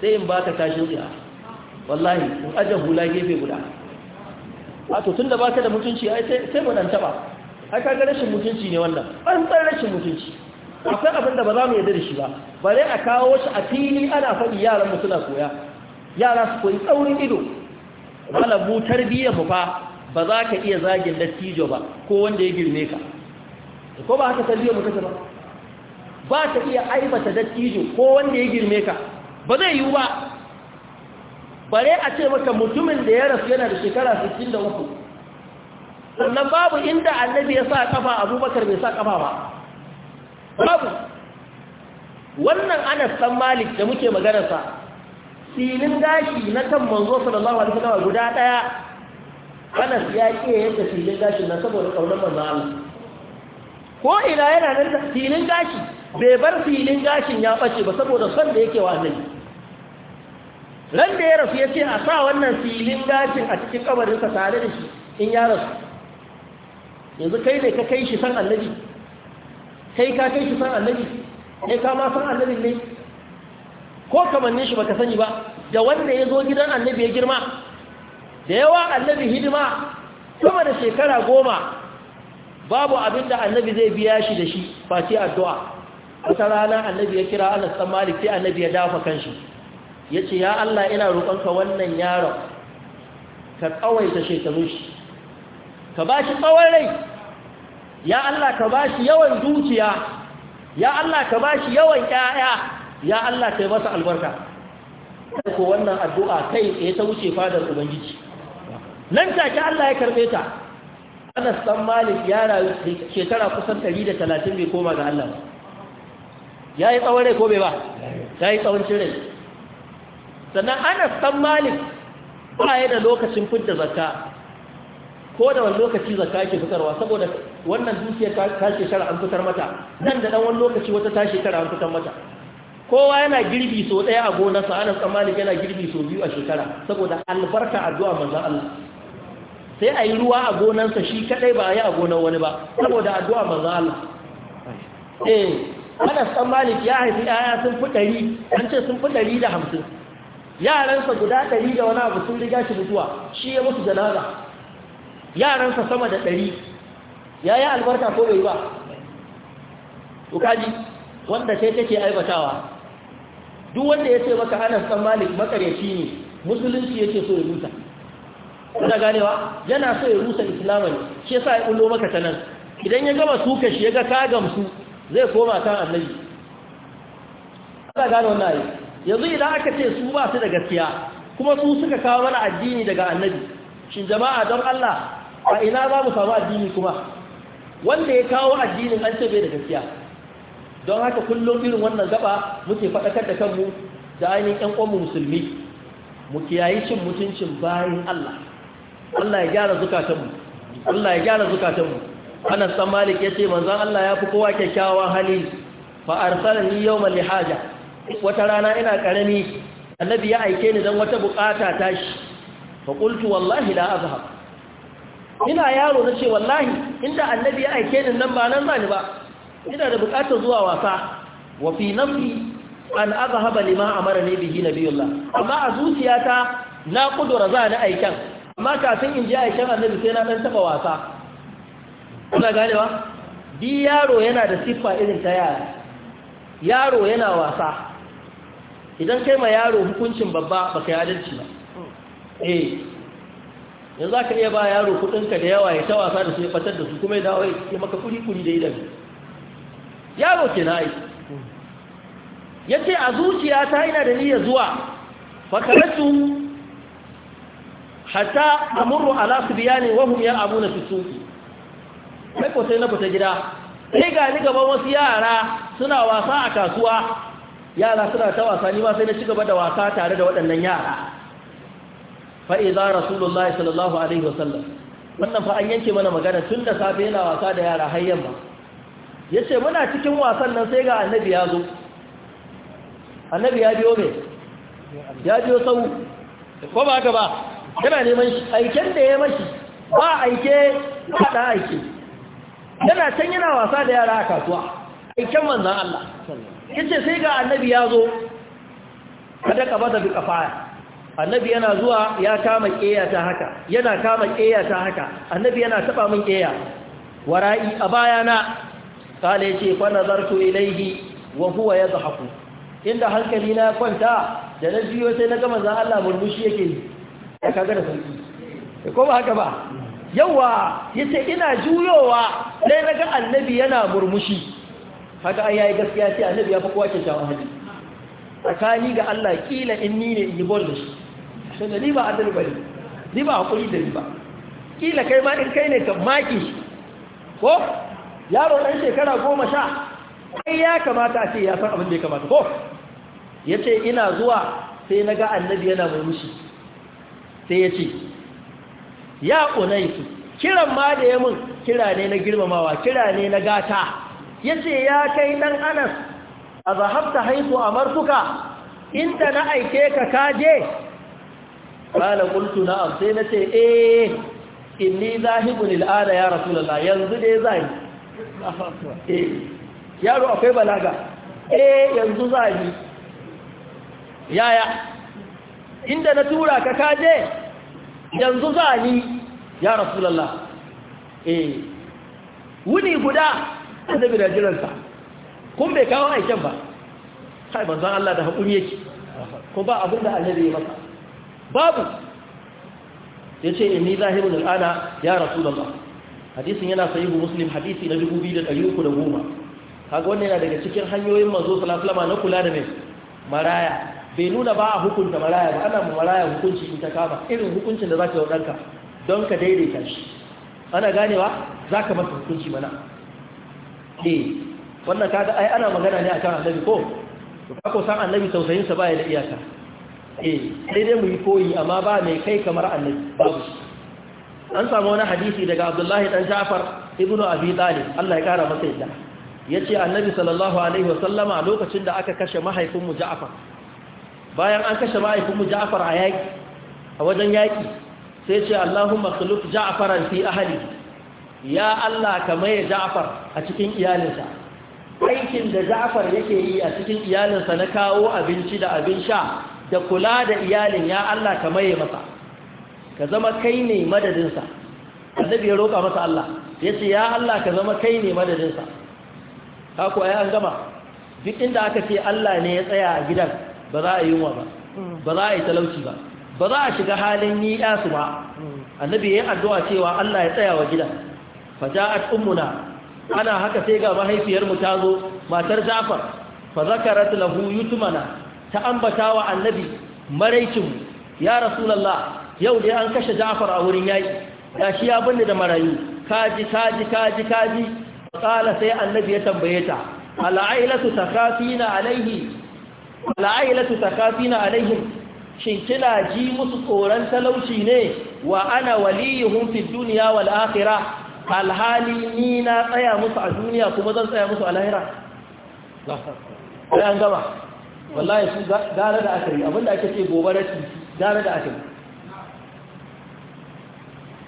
A: sai in baka tashin zuwa wallahi in ajan hula gefe guda a to tun da baka da mutunci ai sai mu dan taba ai ka ga rashin mutunci ne wannan an san rashin mutunci akwai abin da ba za mu yarda da shi ba bare a kawo shi a fili ana faɗi yaran mu suna koya yara su koyi tsaurin ido malabu tarbiyyar mu fa ba za ka iya zagin dattijo ba ko wanda ya girme ka ko ba haka tarbiyyar mu kace ba ba ta iya aibata dattijo ko wanda ya girme ka ba zai yiwu ba bare a ce maka mutumin da ya rasu yana da shekara 63 sannan babu inda annabi ya sa kafa abubakar bai sa kafa ba babu wannan anas dan malik da muke maganarsa Filin gashi na kan manzo sallallahu alaihi wasallam guda daya kana ya ke yadda filin gashi na saboda kaunar manzo Allah ko ina yana nan filin gashi bai bar filin gashin ya bace ba saboda son da yake wa annabi ran da ya rasu yace a sa wannan filin gashin a cikin kabarin sa tare da shi in ya rasu yanzu kai ne ka kai shi san annabi kai ka kai shi san annabi kai ka ma san annabi ne ko kamannin shi baka sani ba da wanda ya zo gidan annabi ya girma da yawa annabi hidima sama da shekara goma babu abin da annabi zai biya shi da shi face addu'a wata rana annabi ya kira Allah san malik sai annabi ya dafa kanshi ya ce ya Allah ina roƙonka wannan yaron ka tsawaita shekaru shi ka ba shi tsawon rai ya Allah ka ba shi yawan dukiya ya Allah ka ba shi yawan ƴaƴa ya Allah ta yi masa albarka ko wannan addu'a kai ya ta wuce fadar ubangiji nan take Allah ya karbe ta Anas dan Malik ya rayu shekara kusan 130 bai koma ga Allah ya yi tsawon rai ko bai ba Ya yi tsawon cire. sannan Anas dan Malik ba ya da lokacin fidda zakka ko da wani lokaci zakka ke fitarwa saboda wannan dukiyar ta ce shara an fitar mata nan da dan wani lokaci wata ta shekara an fitar mata kowa yana girbi sau ɗaya a gonarsa ana tsammanin yana girbi sau biyu a shekara saboda albarka addu'a manzan Allah sai a yi ruwa a gonarsa shi kaɗai ba a yi a gonar wani ba saboda zuwa manzan Allah eh ana tsammanin ya haifi yaya sun fi ɗari an ce sun fi ɗari da hamsin yaransa guda ɗari da wani abu sun riga shi mutuwa shi ya musu janaza yaransa sama da ɗari ya yi albarka ko bai ba to kaji wanda sai take aibatawa duk wanda ya ce maka ana dan malik makaryaci ne musulunci yake so ya rusa kuna ganewa yana so ya rusa islamin shi yasa ya kullo maka ta nan idan ya gama suka shi ya ga ka gamsu zai koma kan annabi kuna gane wannan ayi yanzu idan aka ce su ba su da gaskiya kuma su suka kawo mana addini daga annabi shin jama'a don Allah a ina za mu samu addini kuma wanda ya kawo addinin an ce bai da gaskiya don haka kullum irin wannan gaba muke faɗakar da kanmu da ainihin ƴan uwanmu musulmi mu kiyayi cin mutuncin bayan Allah Allah ya gyara zukatanmu Allah ya gyara zukatanmu Anas dan Malik ya yace manzon Allah ya fi kowa kyakkyawan hali fa arsalani yawman lihaja wata rana ina karami annabi ya aike ni dan wata bukata ta shi fa qultu wallahi la azhab ina yaro na ce wallahi inda annabi ya aike ni nan ba nan zani ba ina da bukatar zuwa wasa wa fi nafi an azhaba lima na bihi nabiyullah amma a zuciyata na kudura za ni aikan amma kafin in je aikan annabi sai na dan taba wasa kuna ganewa bi yaro yana da siffa irin ta yara yaro yana wasa idan kai ma yaro hukuncin babba baka yi adalci ba eh yanzu ka iya ba yaro kudinka da yawa ya ta wasa da su ya fatar da su kuma ya dawo ya maka kuri kuri da idan yaro ke na aiki ya ce a zuciya ta ina da niyyar zuwa fakaratu hatta amuru ala su biya ne ya abu na fisuki sai ko na fita gida sai ga ni gaban wasu yara suna wasa a kasuwa yara suna ta wasa ni ma sai na ci gaba da wasa tare da waɗannan yara fa'iza rasulullahi sallallahu alaihi wasallam wannan fa yanke mana magana tun da safe yana wasa da yara har yamma ya ce muna cikin wasan nan sai ga annabi ya zo annabi ya biyo mai ya biyo sau ko ba haka ba yana neman shi aiken da ya mashi ba aike ba da aike yana can yana wasa da yara a kasuwa aiken manzan Allah ya ce sai ga annabi ya zo kada ka bata bi kafaya annabi yana zuwa ya kama keya ta haka yana kama keya ta haka annabi yana taba min keya wara'i a bayana ce قال يشي فنظرت إليه وهو يضحك inda hankali na kwanta da na biyo sai na gama zan Allah murmushi yake yi ya kaga da sauki ko ba haka ba yawa yace ina juyowa sai na ga annabi yana murmushi haka ai yayi gaskiya sai annabi ya fi kowa ke shawo hali tsakani ga Allah kila in ni ne in yi bol da shi sai da ni ba adal bari ni ba hakuri da ni ba kila kai ma in kai ne ka maki ko yaro ɗan shekara goma sha kai ya kamata a ce ya san abin da ya kamata ko ya ce ina zuwa sai na ga annabi yana murmushi sai ya ce ya su kiran ma da ya mun kira ne na girmamawa kira ne na gata ya ce ya kai ɗan anas a zahabta haifu a martuka inda na aike ka kaje ƙala ƙuntu na sai na ce eh inni zahibu lil'ada ya rasulallah yanzu dai zai Eh, yaro akwai balaga eh yanzu za a yi, yaya inda na tura ka kaje yanzu za a yi ya rasulallah eh wuni guda annabi da jiransa kun bai kawo aikin ba kai manzon Allah da hakuri yake ko ba abin da annabi ya masa babu yace ni zahirun al'ana ya rasulallah hadisin yana sahihu muslim hadisi na 2310 kaga wannan yana daga cikin hanyoyin manzo sallallahu alaihi na kula da mai maraya bai nuna ba a hukunta maraya ba ana maraya hukunci in ta kama irin hukuncin da zaka yi ɗanka, don ka daidaita shi ana ganewa zaka masa hukunci mana eh wannan kaga ai ana magana ne akan annabi ko to ko san annabi tausayin sa baya da iyaka eh sai dai mu yi koyi amma ba mai kai kamar annabi babu shi an samu wani hadisi daga abdullahi dan jafar ibnu abi talib Allah ya kara masa yadda yace annabi sallallahu alaihi wasallama lokacin da aka kashe mahaifin mu ja'far bayan an kashe mahaifin mu ja'far a yaki a wajen yaki sai ce Allahumma khuluf ja'faran fi ahli ya Allah ka maye ja'far a cikin iyalinsa aikin da ja'far yake yi a cikin iyalinsa na kawo abinci da abin sha da kula da iyalin ya Allah ka maye masa ka zama kai ne madadinsa annabi ya roƙa masa Allah ya ce ya Allah ka zama kai ne madadinsa haku ai an gama duk inda aka ce Allah ne ya tsaya a gidan ba za a yi yunwa ba ba za a yi talauci ba ba za a shiga halin yi su ba annabi ya yi addu'a cewa Allah ya tsaya wa gidan fata'at ummuna ana haka sai ga mahaifiyarmu ta zo matar Jafar fa zakarat lahu yutmana ta ambata wa annabi Maraicin. ya rasulullah yau dai an kashe ja'afar a wurin yayi, yaki shi ya binne da marayu kaji kaji kaji kaji qala sai annabi ya tambaye ta al'ailatu takafina alaihi al'ailatu takafina alaihim shin kina ji musu tsoron talauci ne wa ana waliyuhum fid dunya wal akhirah alhali ni na tsaya musu a duniya kuma zan tsaya musu a lahira sai an gama wallahi su gara da akari abinda ake ce gobara ci gara da akari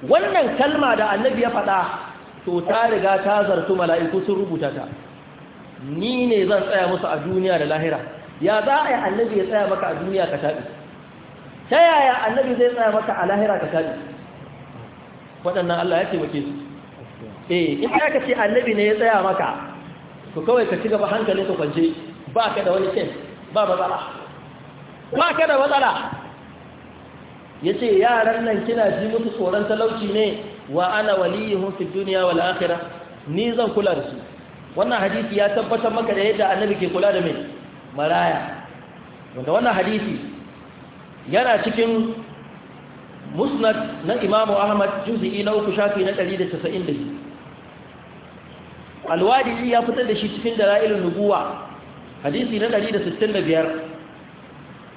A: wannan kalma da annabi ya faɗa to ta riga ta zartu mala'iku sun rubuta ta ni ne zan tsaya musu a duniya da lahira ya za a yi annabi ya tsaya maka a duniya ka taɓi ta yaya annabi zai tsaya maka a lahira ka taɓi waɗannan Allah ya taimake su eh in ka ce annabi ne ya tsaya maka to kawai ka ci gaba hankalin ka kwance ba ka da wani cin ba matsala ba ka da matsala Ya ce, yaran nan kina ji musu tsoron talauci ne wa ana waliyuhum fid duniya wa la'akira? ni zan kula da su wannan hadisi ya tabbatar maka da yadda annabi ke kula da mai maraya wanda wannan hadisi yana cikin musnad na imamu ahmad juz'i na uku shafi na 192 alwadi ya fitar da shi cikin dalailun nubuwa hadisi na 165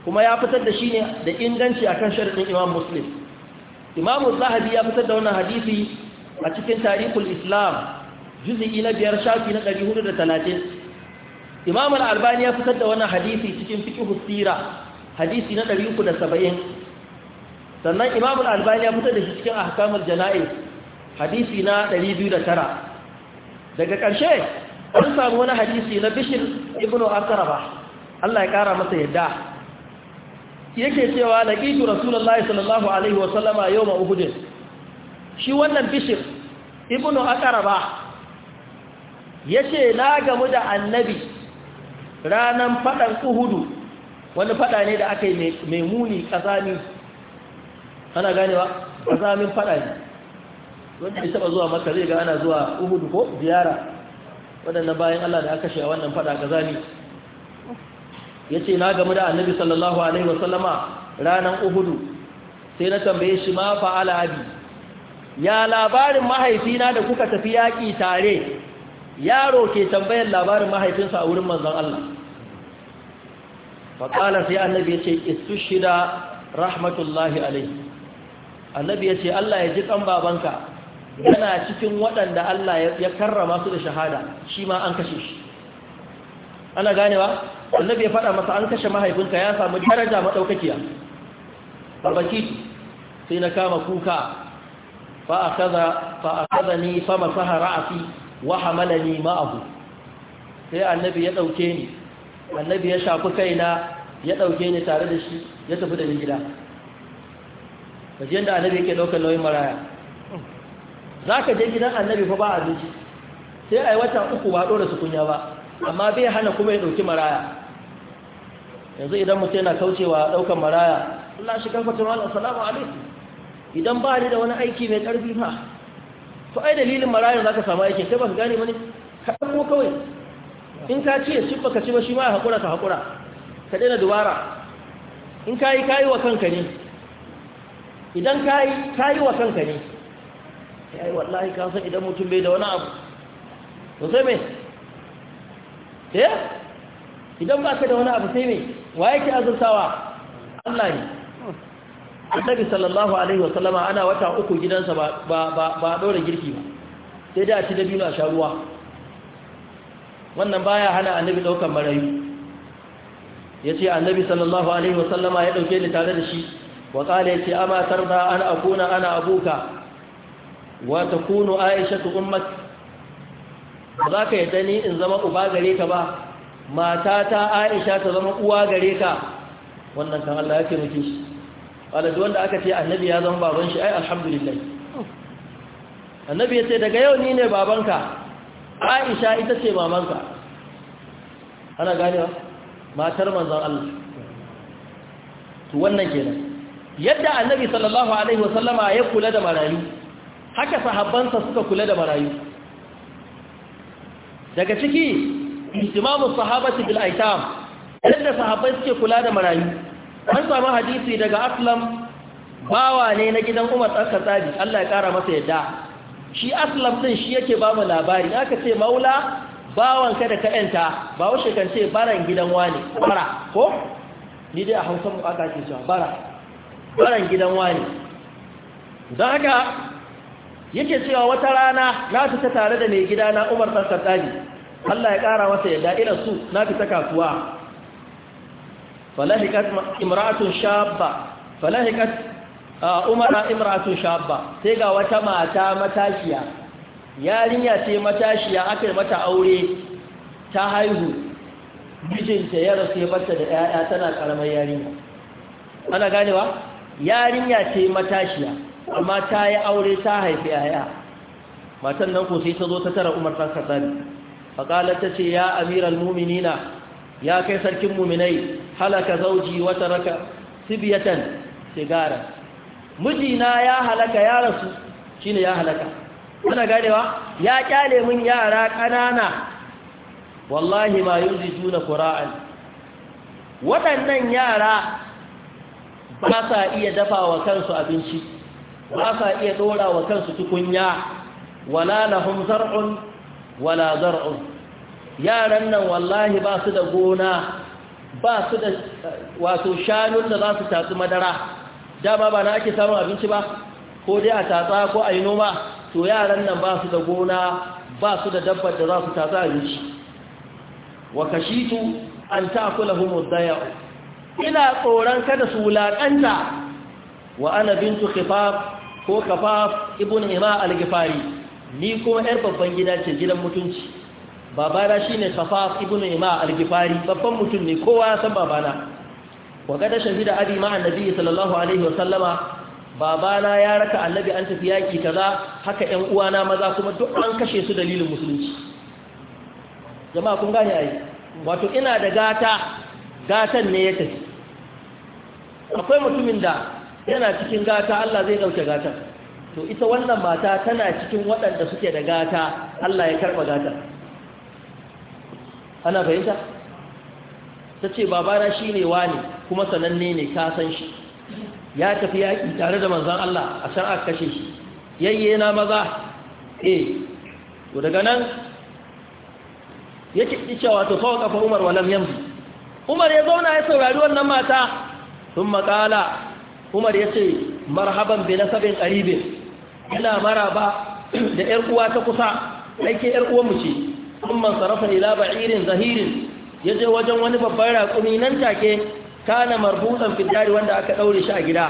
A: kuma ya fitar da shi ne da inganci akan sharadin imam muslim imam zahabi ya fitar da wannan hadisi a cikin tarihul islam juz'i na biyar shafi na 430 imam al-albani ya fitar da wannan hadisi cikin fiqhus sira hadisi na 370 sannan imam al-albani ya fitar da shi cikin ahkamul jana'i hadisi na 209 daga ƙarshe an samu wani hadisi na bishir ibn akraba Allah ya ƙara masa yadda yake cewa laqitu rasulullahi sallallahu alaihi wa sallama yawma uhud shi wannan bishir ibnu aqraba yace na gamu da annabi ranan fadan uhud wani fada ne da aka mai muni kazami ana ganewa kazamin fada ne wanda ya taba zuwa maka zai ga ana zuwa Uhudu ko ziyara wadannan bayan Allah da aka shi a wannan fada kazami Ya ce na gamu da annabi sallallahu alaihi wasallama ranan uhudu sai na tambaye shi ma fa'ala abi ya labarin mahaifina da kuka tafi yaƙi tare yaro ke tambayar labarin mahaifinsa a wurin manzon Allah faƙala sai annabi ya ce istushida rahmatullahi alaihi annabi ya ce Allah ya ji kan babanka yana cikin waɗanda Allah ya karrama su da shahada shi ma an kashe shi ana ganewa annabi ya faɗa masa an kashe mahaifinka ya samu daraja madaukakiya barbaki sai na kama kuka fa akaza fa akazani fa masaha ra'si wa hamalani ma'ahu sai annabi ya dauke ni annabi ya shafi kaina ya dauke ni tare da shi ya tafi da gida kajin da annabi yake daukar nauyin maraya zaka je gidan annabi fa ba abinci sai ai wata uku ba dora su kunya ba amma bai hana kuma ya ɗauki maraya yanzu idan mutum yana kaucewa ɗaukan maraya Allah shi fatan wa salamu alaikum idan ba ni da wani aiki mai ƙarfi fa to ai dalilin maraya za ka samu aikin sai ba ka gane mani ka ɗauko kawai in ka ce shi ba ka ci ba shi ma ya haƙura ka haƙura ka daina dubara in ka yi ka yi wa kanka ne idan ka yi ka yi wa kanka ne ya yi wallahi ka san idan mutum bai da wani abu to sai mai eh idan ba ka da wani abu sai me waye ke azurtawa Allah ne annabi sallallahu alaihi wasallama ana wata uku gidansa ba a ba girki ba sai da ci biyu a sha ruwa wannan baya hana annabi ɗaukar marayu Ya ce annabi sallallahu alaihi wasallama ya dauke ni tare da shi wa ya ce amatar da an akuna ana abuka wa kuno aisha ta ummak ba za ka yi ni in zama uba gare ka ba mata ta aisha ta zama uwa gare ka wannan kan Allah ya taimake shi walaji wanda aka ce annabi ya zama baban shi ai alhamdulillah annabi ya ce daga yau ni ne babanka aisha ita ce mamanka ana ganewa matar manzon Allah to wannan kenan yadda annabi sallallahu alaihi wasallama ya kula da marayu haka sahabbansa suka kula da marayu daga ciki istimamu sahabati bil aitam yadda sahabbai suke kula da marayu an samu hadisi daga aslam bawa ne na gidan umar ɗan katsabi allah ya ƙara masa yadda shi aslam ɗin shi yake ba mu labari aka ce maula bawan ka da ka ‘yanta ba wa shekance baran gidan wani bara ko? ni dai a hausa mu aka ce cewa bara baran gidan wani don haka yake cewa wata rana na fita tare da mai gida na umar tsarkatsani Allah ya ƙara masa yadda ila su na fita kasuwa falahikat imra'atun shabba falahikat umara shabba sai ga wata mata matashiya yarinya ce matashiya aka yi mata aure ta haihu mijinta ya rasu ya bata da 'ya'ya tana karamar yarinya ana ganewa yarinya ce matashiya amma ta yi aure ta haifi yaya matan nan ko sai ta zo ta tara umar ɗan khattabi faƙalar ta ce ya amiral muminina ya kai sarkin muminai halaka zauji wata raka sibiyatan sigara mijina ya halaka ya rasu shine ya halaka kuna ganewa ya kyale min yara ƙanana wallahi ma yuzi juna qura'an waɗannan yara ba sa iya dafa wa kansu abinci ba sa iya dora wa kansu tukunya wala lahum zar'un wala zar'un yaran nan wallahi ba su da gona ba su da wato shanun da za su tatsi madara dama ba na ake samun abinci ba ko dai a tatsa ko a yi noma to yaran nan ba su da gona ba su da dabbar da za su tatsa abinci wa kashitu an ta'kulahum ad-daya'u ina tsoron kada su wulaƙanta wa ana bintu ko kafaf ibn ima al-gifari ni kuma yar babban gida ce gidan mutunci babana shine kafaf ibn ima al-gifari babban mutum ne kowa ya san babana wa kada shahida abi ma annabi sallallahu alaihi wa sallama babana ya raka annabi an tafi yaki kaza haka ƴan uwana maza kuma duk an kashe su dalilin musulunci jama'a kun gane ai wato ina da gata gatan ne ya tafi akwai mutumin da yana cikin gata Allah zai ɗauke gata. to ita wannan mata tana cikin waɗanda suke da gata Allah ya karɓa gata. ana fahimta ta ce babana shi ne wani kuma sananne ne ka san shi ya tafi yaƙi tare da manzan Allah a can aka kashe shi yayye na maza eh to daga nan yake cewa to kawai kafa umar walam yambi umar ya zauna ya saurari wannan mata sun makala umar ya ce marhaban bi nasabin qaribin ina maraba da yar uwa ta kusa aike yar uwan mu ce amma sarafa ila ba'irin zahirin je wajen wani babban raƙumi nan take kana marbutan fi wanda aka daure shi a gida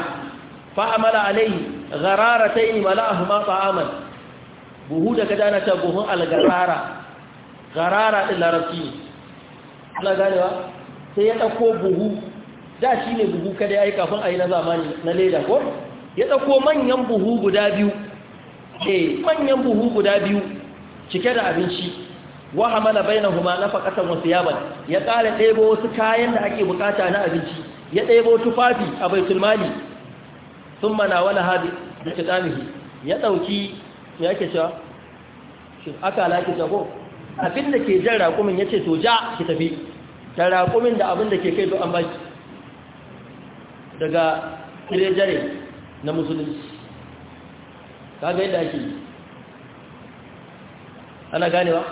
A: fa amala alaihi ghararatayn mala'ahuma ta'aman buhu da kada na ta buhun algarara garara din larabci Allah ganewa sai ya dauko buhu da shi ne buhu kada ya yi kafin a yi na zamani na leda ko ya ɗauko manyan buhu guda biyu ke eh, manyan buhu guda biyu cike da abinci wa huma na faƙasar wasu yaban ya ƙara ɗebo wasu kayan da ake buƙata na abinci ya ɗebo tufafi a baitul mali thumma haɗi hadi bi ɗanihi ya ɗauki me ke cewa shi aka laki tago abin da ke jan raƙumin ya ce to ja ki tafi da raƙumin da abin da ke kai to an baki daga kirejare na musulunci ga yadda ake ana ganewa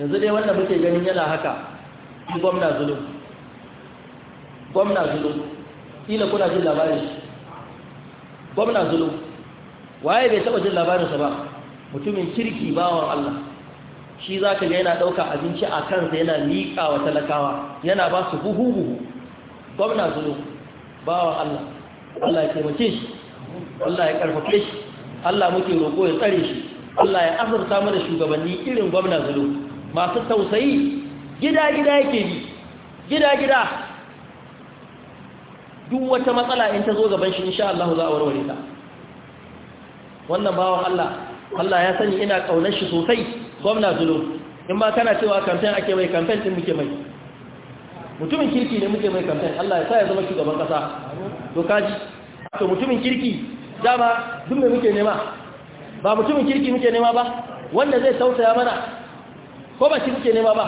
A: yanzu dai wanda muke ganin yana haka gwamna zulum gwamna zulum ila kuna jin labarin shi gwamna zulum waye bai taba jin labarinsa ba mutumin kirki bawan Allah shi za ka ga yana ɗauka abinci a kansa yana liƙa wa talakawa yana ba su buhu-buhu gwamna zulum bawa Allah Allah ya taimake shi Allah ya karfafe shi Allah muke roƙo ya tsare shi Allah ya azurta mana shugabanni irin gwamna zulu masu tausayi gida-gida yake bi gida-gida duk wata matsala in ta zo gaban shi insha Allah za a warware ta wannan bawa Allah Allah ya sani ina kaunar shi sosai gwamna zulu in ma kana cewa kamfen ake mai kamfen din muke mai mutumin kirki ne muke mai kamfen Allah ya sa ya zama shugaban kasa to kaji to mutumin kirki dama duk me muke nema ba mutumin kirki muke nema ba wanda zai tausaya mana ko ba shi muke nema ba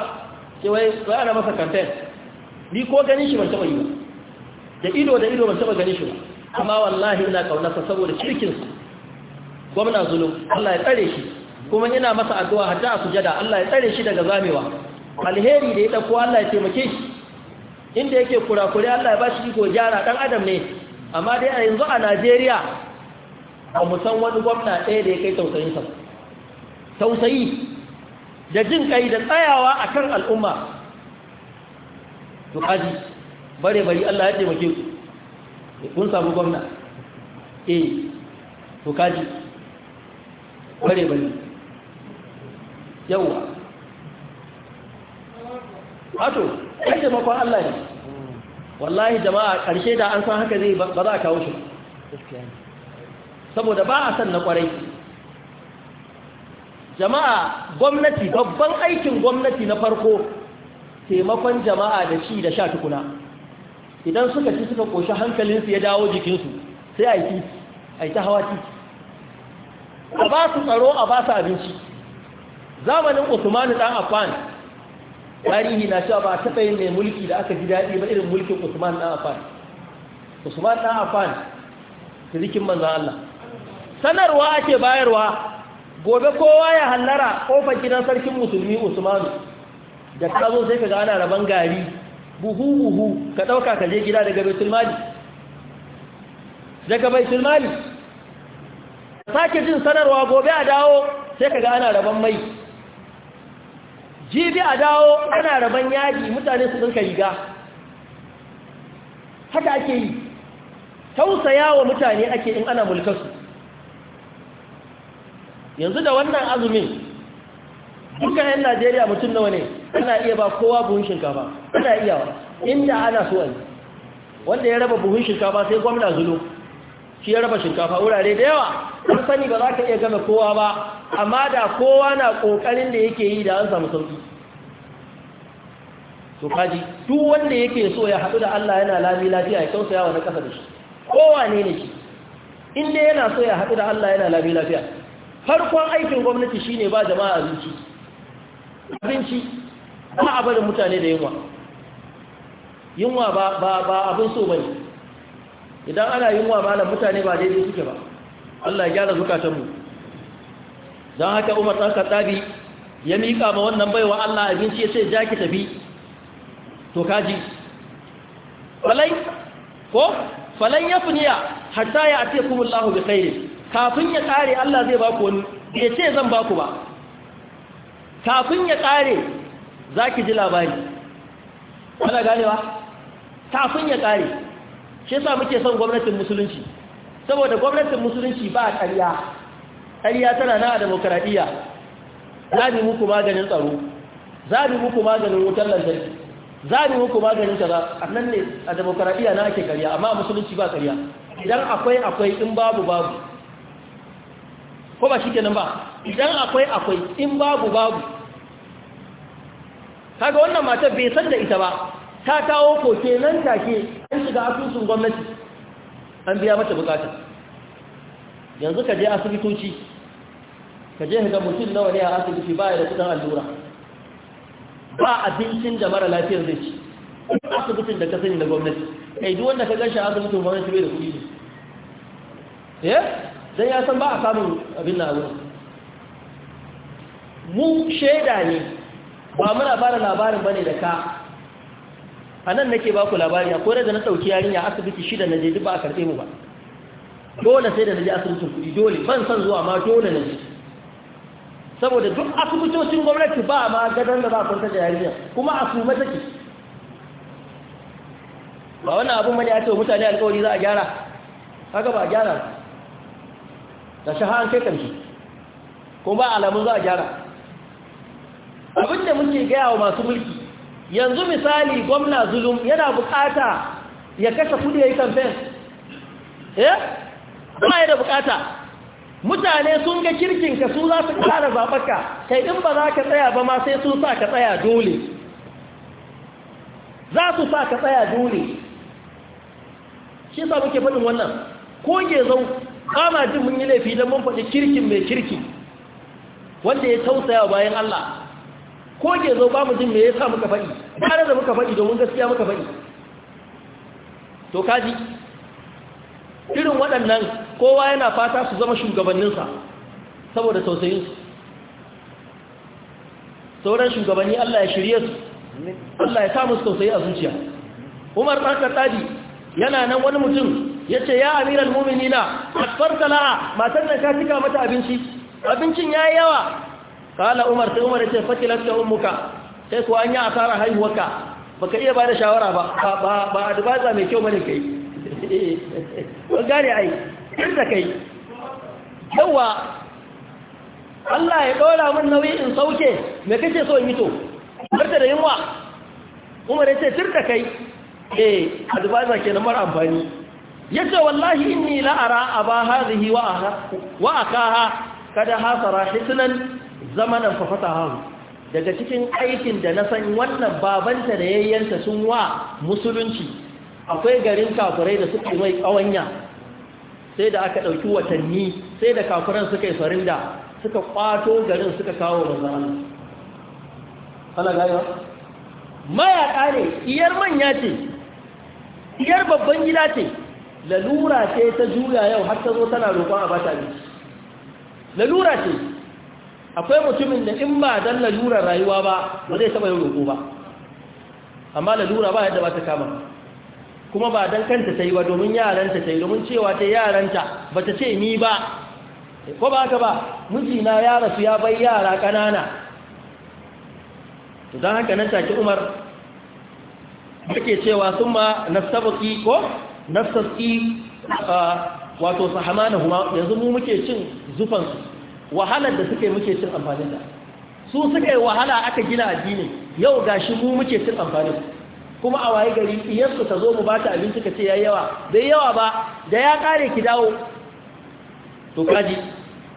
A: sai wai wai ana masa kamfen ni ko ganin shi ban taba yi ba da ido da ido ban taba ganin shi ba amma wallahi ina sa saboda kirkin sa gwamna zulum Allah ya tsare shi kuma ina masa addu'a hatta a sujada Allah ya tsare shi daga zamewa alheri da ya dauko Allah ya taimake shi inda yake kurakure Allah ya bashi iko gyara dan adam ne amma dai a yanzu a Najeriya ba mu san wani gwamna ɗaya da ya kai tausayin sa tausayi da jin kai da tsayawa akan al'umma to kaji bare bari Allah ya taimake ku kun samu gwamna eh to kaji bare bari yawa
C: Wato? ai taimakon Allah ne
A: wallahi jama'a ƙarshe da an san haka zai ba za a kawo shi saboda ba a san na kwarai jama'a gwamnati babban aikin gwamnati na farko taimakon jama'a da shi da sha tukuna idan suka ci suka koshi hankalinsu ya dawo jikinsu sai a yi a yi ta hawa titi a ba su tsaro a ba su abinci zamanin usmanu dan afan tarihi na cewa ba a taɓa yin mai mulki da aka ji daɗi ba irin mulkin usman ɗan afan usman ɗan afan sirikin manzan allah sanarwa ake bayarwa gobe kowa ya hallara ƙofar gidan sarkin musulmi usmanu da ka zo sai ka ga ana rabon gari buhu buhu ka ɗauka ka je gida daga baitul mali daga baitul mali sake jin sanarwa gobe a dawo sai ka ga ana rabon mai jibi a dawo ana rabon yaji mutane su zanka riga haka ake yi tausaya wa mutane ake in ana mulkarsu yanzu da wannan azumin duka 'yan najeriya mutum nawa ne ana iya ba kowa buhun shinkafa ana iya inda ana so a wanda ya raba buhun shinkafa sai gwamna zulo shi ya raba shinkafa wurare da yawa sani ba za ka iya game kowa ba amma da kowa na ƙoƙarin da yake yi da an samu sauki to kaji duk wanda yake so ya haɗu da Allah yana lami lafiya ya tausaya wa na ƙasa da shi kowane ne shi inda yana so ya haɗu da Allah yana lami lafiya farkon aikin gwamnati shine ba jama'a abinci abinci ba a barin mutane da yunwa yunwa ba abin so bane idan ana yunwa malam mutane ba daidai suke ba Allah ya gyara zukatanmu don haka umar ɗan Katsabi ya miƙa ma wannan baiwa Allah abinci ya ce ja ki tafi to kaji falai ko falan yafniya hatta ya ate kuma Allah bi khairi kafin ya kare Allah zai ba ku wani ya ce zan ba ku ba kafin ya kare zaki ji labari gane ba kafin ya kare shi yasa muke son gwamnatin musulunci saboda gwamnatin musulunci ba ƙarya ƙarya tana na demokradiyya za mu muku maganin tsaro za mu muku maganin wutar lantarki za mu muku maganin kaza a nan ne a demokaradiyya na ake karya amma a musulunci ba karya idan akwai akwai in babu babu ko ba shi kenan ba idan akwai akwai in babu babu kaga wannan matar bai san da ita ba ta kawo ke nan ta ke an shiga asusun gwamnati an biya mata bukata yanzu ka je asibitoci ka je ga mutum nawa ne a asibiti baya da kudin allura ba abincin da mara lafiyar zai ci asibitin da ka sani na gwamnati kai duk wanda ka gashi asibitin gwamnati bai da kuɗi ne eh dan ya san ba a samun abin na wurin mu shaida ne ba muna bada labarin bane da ka a nan nake ba ku labari a kore da na ɗauki yarinya asibiti shida na je duk ba a karɓe mu ba dole sai da na je asibitin kuɗi dole ban san zuwa ma dole na je saboda duk asibitocin gwamnati ba ma gadon da za a kwanta da yarinya kuma a su ke. ba wannan abin mani a ce mutane alkawari za a gyara haka ba a gyara da shaha an kai ƙarshe kuma ba alamun za a gyara da muke gaya wa masu mulki yanzu misali gwamna zulum yana bukata ya kashe kudi ya yi kamfen eh ba ya da bukata mutane sun ga kirkinka su za su kara zaɓaka kai in ba za ka tsaya ba ma sai sun sa ka tsaya dole za su sa ka tsaya dole shi sa muke faɗin wannan ko ke zau kama jin mun yi laifi don mun faɗi kirkin mai kirki wanda ya tausaya bayan Allah ko ke zau ba mu jin me yasa muka faɗi tare da muka faɗi domin gaskiya muka faɗi to kaji irin waɗannan kowa yana fata su zama shugabanninsa saboda tausayinsu sauran shugabanni Allah ya shirye su Allah ya samu tausayi a zuciya Umar ɗan Kattabi yana nan wani mutum ya ce ya amiral muminina akfarta la'a matan nan ka cika mata abinci abincin ya yi yawa kala Umar sai Umar ya ce fatilat ka ummuka sai kuwa an yi asara haihuwarka baka iya bada shawara ba ba adubaza mai kyau bane kai (laughs) ko gane ai duk kai yawa Allah ya ɗora min nauyi in sauke me kace so in yi to da yunwa Umar ya ce tur kai eh advisor kenan mara amfani yace wallahi inni la ara aba hadhihi wa aha wa akaha kada hasara hisnan zamanan fa fataha daga cikin aikin da na san wannan babanta da yayyanta sun wa musulunci akwai garin kafurai da suke mai kawanya sai da aka ɗauki watanni sai da kafiran suka yi sarinda suka ƙwato garin suka kawo manzan ana gaiwa mayaƙa ne iyar manya ce iyar babban gida ce lalura ce ta juya yau har ta zo tana roƙon a bata ne lalura ce akwai mutumin da in ba don lalurar rayuwa ba ba zai taɓa yin roƙo ba amma lalura ba yadda ba ta kama kuma ba don kanta ta yi ba domin yaranta ta yi domin cewa ta yaranta ba ta ce ni ba ko ba ka ba mijina ya rasu ya bai yara ƙanana to don haka nan take umar take cewa sun ma nasabuki ko nasaski wato sahamana huma yanzu mu muke cin zufansu wahalar da suke muke cin amfanin da su suka yi wahala aka gina addini yau gashi mu muke cin amfanin kuma a waye gari iyarsu ta zo mu ba ta abinci ka ce ya yawa bai yawa ba da ya kare ki dawo to kaji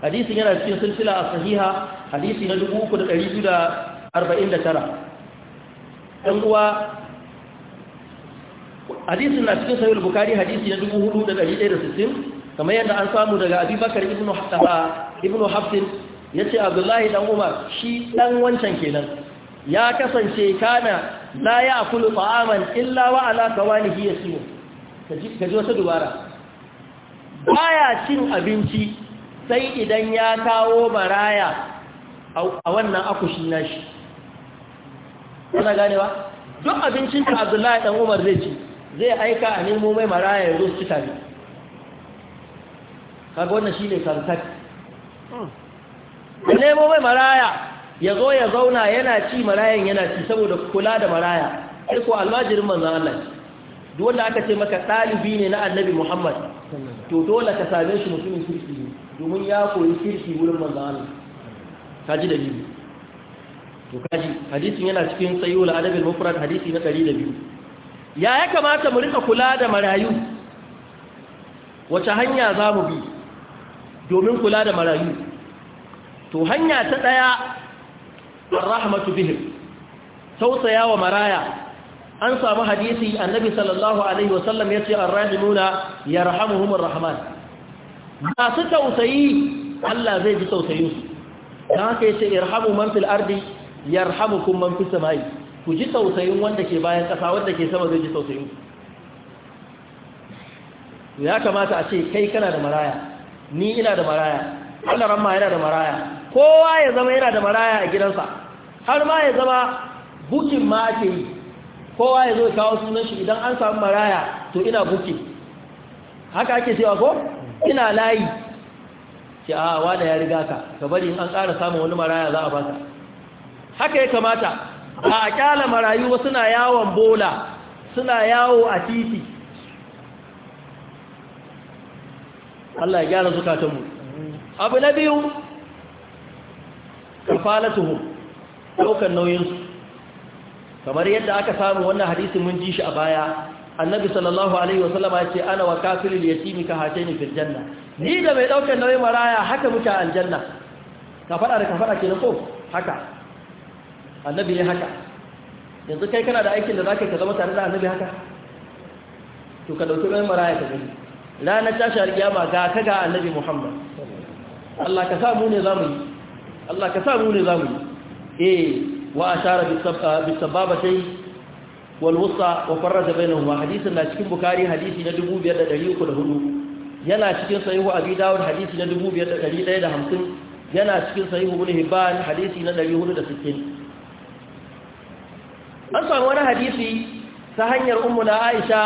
A: hadisin yana cikin silsila a sahiha hadisi na 3249 ɗan uwa hadisin na cikin sahihul bukari hadisi na 4160 kamar yadda an samu daga abubakar ibnu hatta ibnu hafsin yace abdullahi dan umar shi dan wancan kenan ya kasance kana la ya kulu ta'aman illa wa ala kawalihi yasimu ji wata dubara baya cin abinci sai idan ya kawo baraya a wannan akushin nashi gane ganewa duk abincin da Abdullahi dan Umar zai ci zai aika a nemo mai maraya ya zo ci ne kaga wannan shine kankat nemo mai maraya ya zo ya zauna yana ci marayan yana ci saboda kula da maraya sai ko almajirin manzan Allah duk wanda aka ce maka dalibi ne na annabi Muhammad to dole ka same shi mutumin kirki ne domin ya koyi kirki wurin manzan Allah kaji ji dalili to kaji hadisin yana cikin sayyul adabil mufrad hadisi na 102 ya ya kamata mu rika kula da marayu wace hanya za mu bi domin kula da marayu to hanya ta ɗaya warahmatu bihim tausaya wa maraya an samu hadisi annabi sallallahu alaihi wa wasallam yace arrahimuna yarhamuhumur rahman su tausayi Allah zai ji tausayin su dan haka yace irhamu man fil ardi yarhamukum man fis samai ku ji tausayin wanda ke bayan kasa wanda ke sama zai ji tausayin ya kamata a ce kai kana da maraya ni ina da maraya Allah ramma yana da maraya kowa ya zama yana da maraya a gidansa har ma ya zama bukin ma ake yi kowa ya zo kawo sunan shi idan an samu maraya to ina buki haka ake cewa ko ina layi ki a ah, wada ya riga ka ka bari in an ƙara samun wani maraya za a ka haka ya kamata a kyala marayu suna yawon bola suna yawo a titi Allah ya gyara zukatanmu abu na biyu kafalatuhu daukan nauyinsu kamar yadda aka samu wannan hadisi mun ji shi a baya annabi sallallahu alaihi wasallam ya ce ana wa kafilul yatimi ka ni fil janna ni da mai daukan nauyin maraya haka muke aljanna ka fada da ka fada kenan ko haka annabi ne haka yanzu kai kana da aikin da zaka ka zama tare da annabi haka to ka dauki nauyin maraya ka gani ranar tashi alkiyama ga ka ga annabi muhammad Allah ka sa mu ne zamu yi Allah ka sa mu ne zamu eh wa ashara bis ah, sababatai wal wusa wa farraja bainahuma hadisin na cikin bukhari hadisi na 2304 yana cikin sahihu abi dawud hadisi na 2150 yana cikin sahihu ibn hibban hadisi na 460 an samu wani hadisi ta hanyar na aisha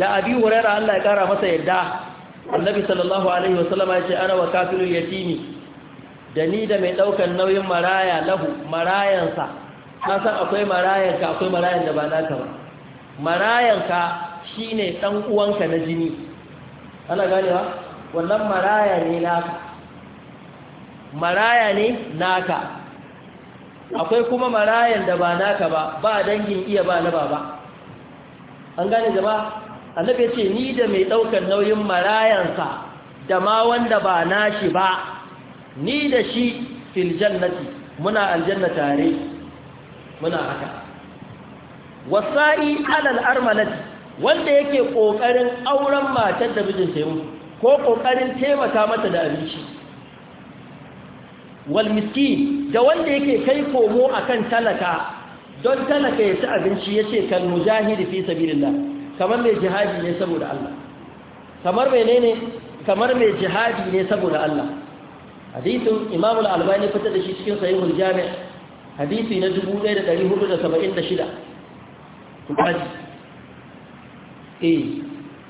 A: da abi hurairah Allah ya kara masa yadda annabi sallallahu alaihi wasallama ya ce ana wa kafirul yatimi da ni da mai ɗaukar nauyin maraya lahu marayansa ka san akwai marayanka akwai marayan da ba naka ba marayanka shine ɗan uwanka na jini ana ganewa wannan maraya ne naka maraya ne naka akwai kuma marayan da ba naka ba ba dangin iya ba na baba an gane jama'a annabi ce ni da mai ɗaukar nauyin marayansa da ma wanda ba nashi ba ni da shi fil jannati muna aljanna tare muna haka wasa'i alal armalati wanda yake kokarin auren matar da mijin sai mu ko kokarin taimaka mata da abinci wal miskin da wanda yake kai komo akan talaka don talaka ya ci abinci yace kan mujahidi fi sabilillah kamar mai jihadi ne saboda Allah kamar menene kamar mai jihadi ne saboda Allah hadisin imam al-albani fitar da shi cikin sahihul jami' hadisi na 1476 tukaji eh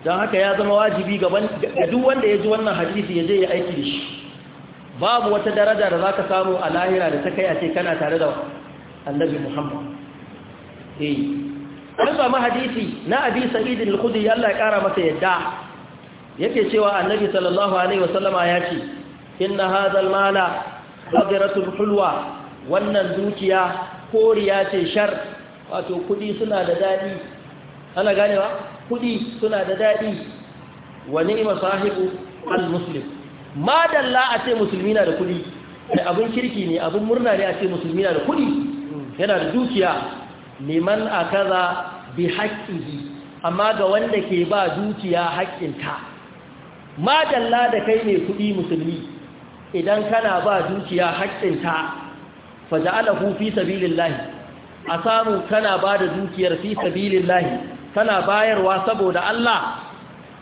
A: dan haka ya zama wajibi gaban duk wanda ya ji wannan hadisi ya je ya aiki da shi babu wata daraja da zaka samu a lahira da ta kai a ce kana tare da annabi muhammad eh an samu hadisi na abi sa'id al-khudri Allah ya kara masa yadda yake cewa annabi sallallahu alaihi wasallama ya ce inna hadha almala qadratun hulwa wannan dukiya koriya ce shar wato kudi suna da dadi ana ganewa kudi suna da dadi wa ni'ma sahibu almuslim ma dalla a ce musulmi na da kudi da abun kirki ne abun murna ne a ce musulmi na da kudi yana da dukiya liman kaza bi haqqihi amma ga wanda ke ba dukiya haƙƙinta madalla da kai ne kudi musulmi idan kana ba dukiya haƙƙinta fa ja'alahu fi sabilillah a samu kana ba da dukiyar fi sabilillah kana bayarwa saboda Allah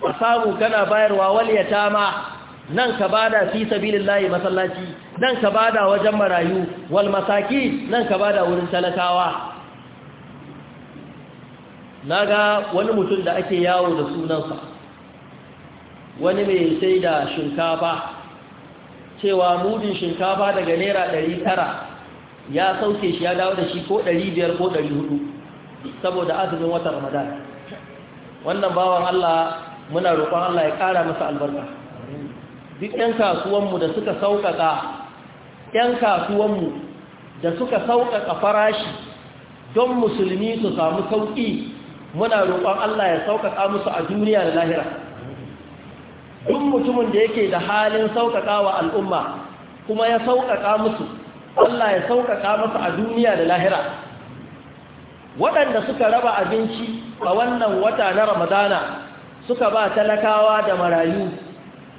A: a samu kana bayarwa wal yatama nan ka bada fi sabilillah masallaci nan ka bada wajen marayu wal masaki nan ka bada wurin talakawa naga wani mutum da ake yawo da sunansa wani mai sai da shinkafa cewa mudin shinkafa daga naira ɗari tara ya sauke shi ya dawo da shi ko ɗari biyar ko ɗari hudu saboda azumin watan ramadan wannan bawan allah muna roƙon allah ya ƙara masa albarka duk 'yan kasuwanmu da suka sauƙaƙa 'yan kasuwanmu da suka sauƙaƙa farashi don musulmi su samu sauƙi muna roƙon allah ya sauƙaƙa musu a duniya da lahira duk mutumin da yake da halin sauƙaƙa wa al'umma kuma ya sauƙaƙa musu Allah ya sauƙaƙa masa a duniya da lahira waɗanda suka raba abinci a wannan wata na ramadana suka ba talakawa da marayu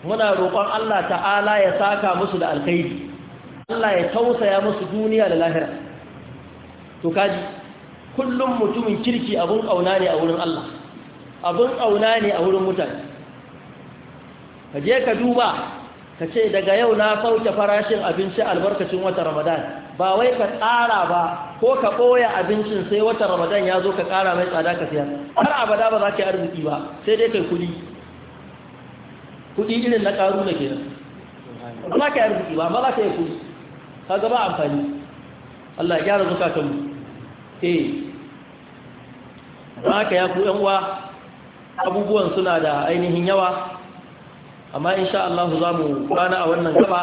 A: muna roƙon Allah ta'ala ya saka musu da alkhairi Allah ya tausaya musu duniya da lahira to kaji kullum mutumin kirki abun ƙauna ne a wurin Allah abun ƙauna ne a wurin mutane ka je ka duba ka ce daga yau na sauke farashin abinci albarkacin wata ramadan ba wai ka tsara ba ko ka ɓoya abincin sai wata ramadan ya zo ka ƙara mai tsada ka siya har abada ba za ka yi arziki ba sai dai kai kuɗi kuɗi irin na ƙaru na kenan
C: ba za ka yi arziki
A: ba ba za ka yi kuɗi ka gaba amfani Allah ya gyara mu E! ba ka ya ku 'yan uwa abubuwan suna da ainihin yawa amma sha Allah za mu gana a wannan gaba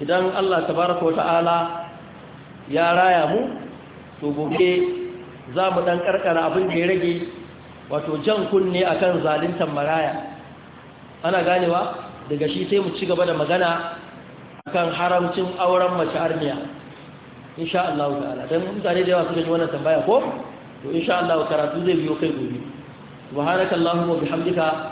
A: idan Allah tabaraka wa ta'ala ya raya mu to gobe za mu dan karkara abin da ya rage wato jan kunne akan zaluntar maraya ana ganewa daga shi sai mu ci gaba da magana akan haramcin auren mace armiya sha Allah ta'ala don mutane da yawa suka ji wannan tambaya ko to sha Allah karatu zai biyo kai gobe subhanakallahumma wa bihamdika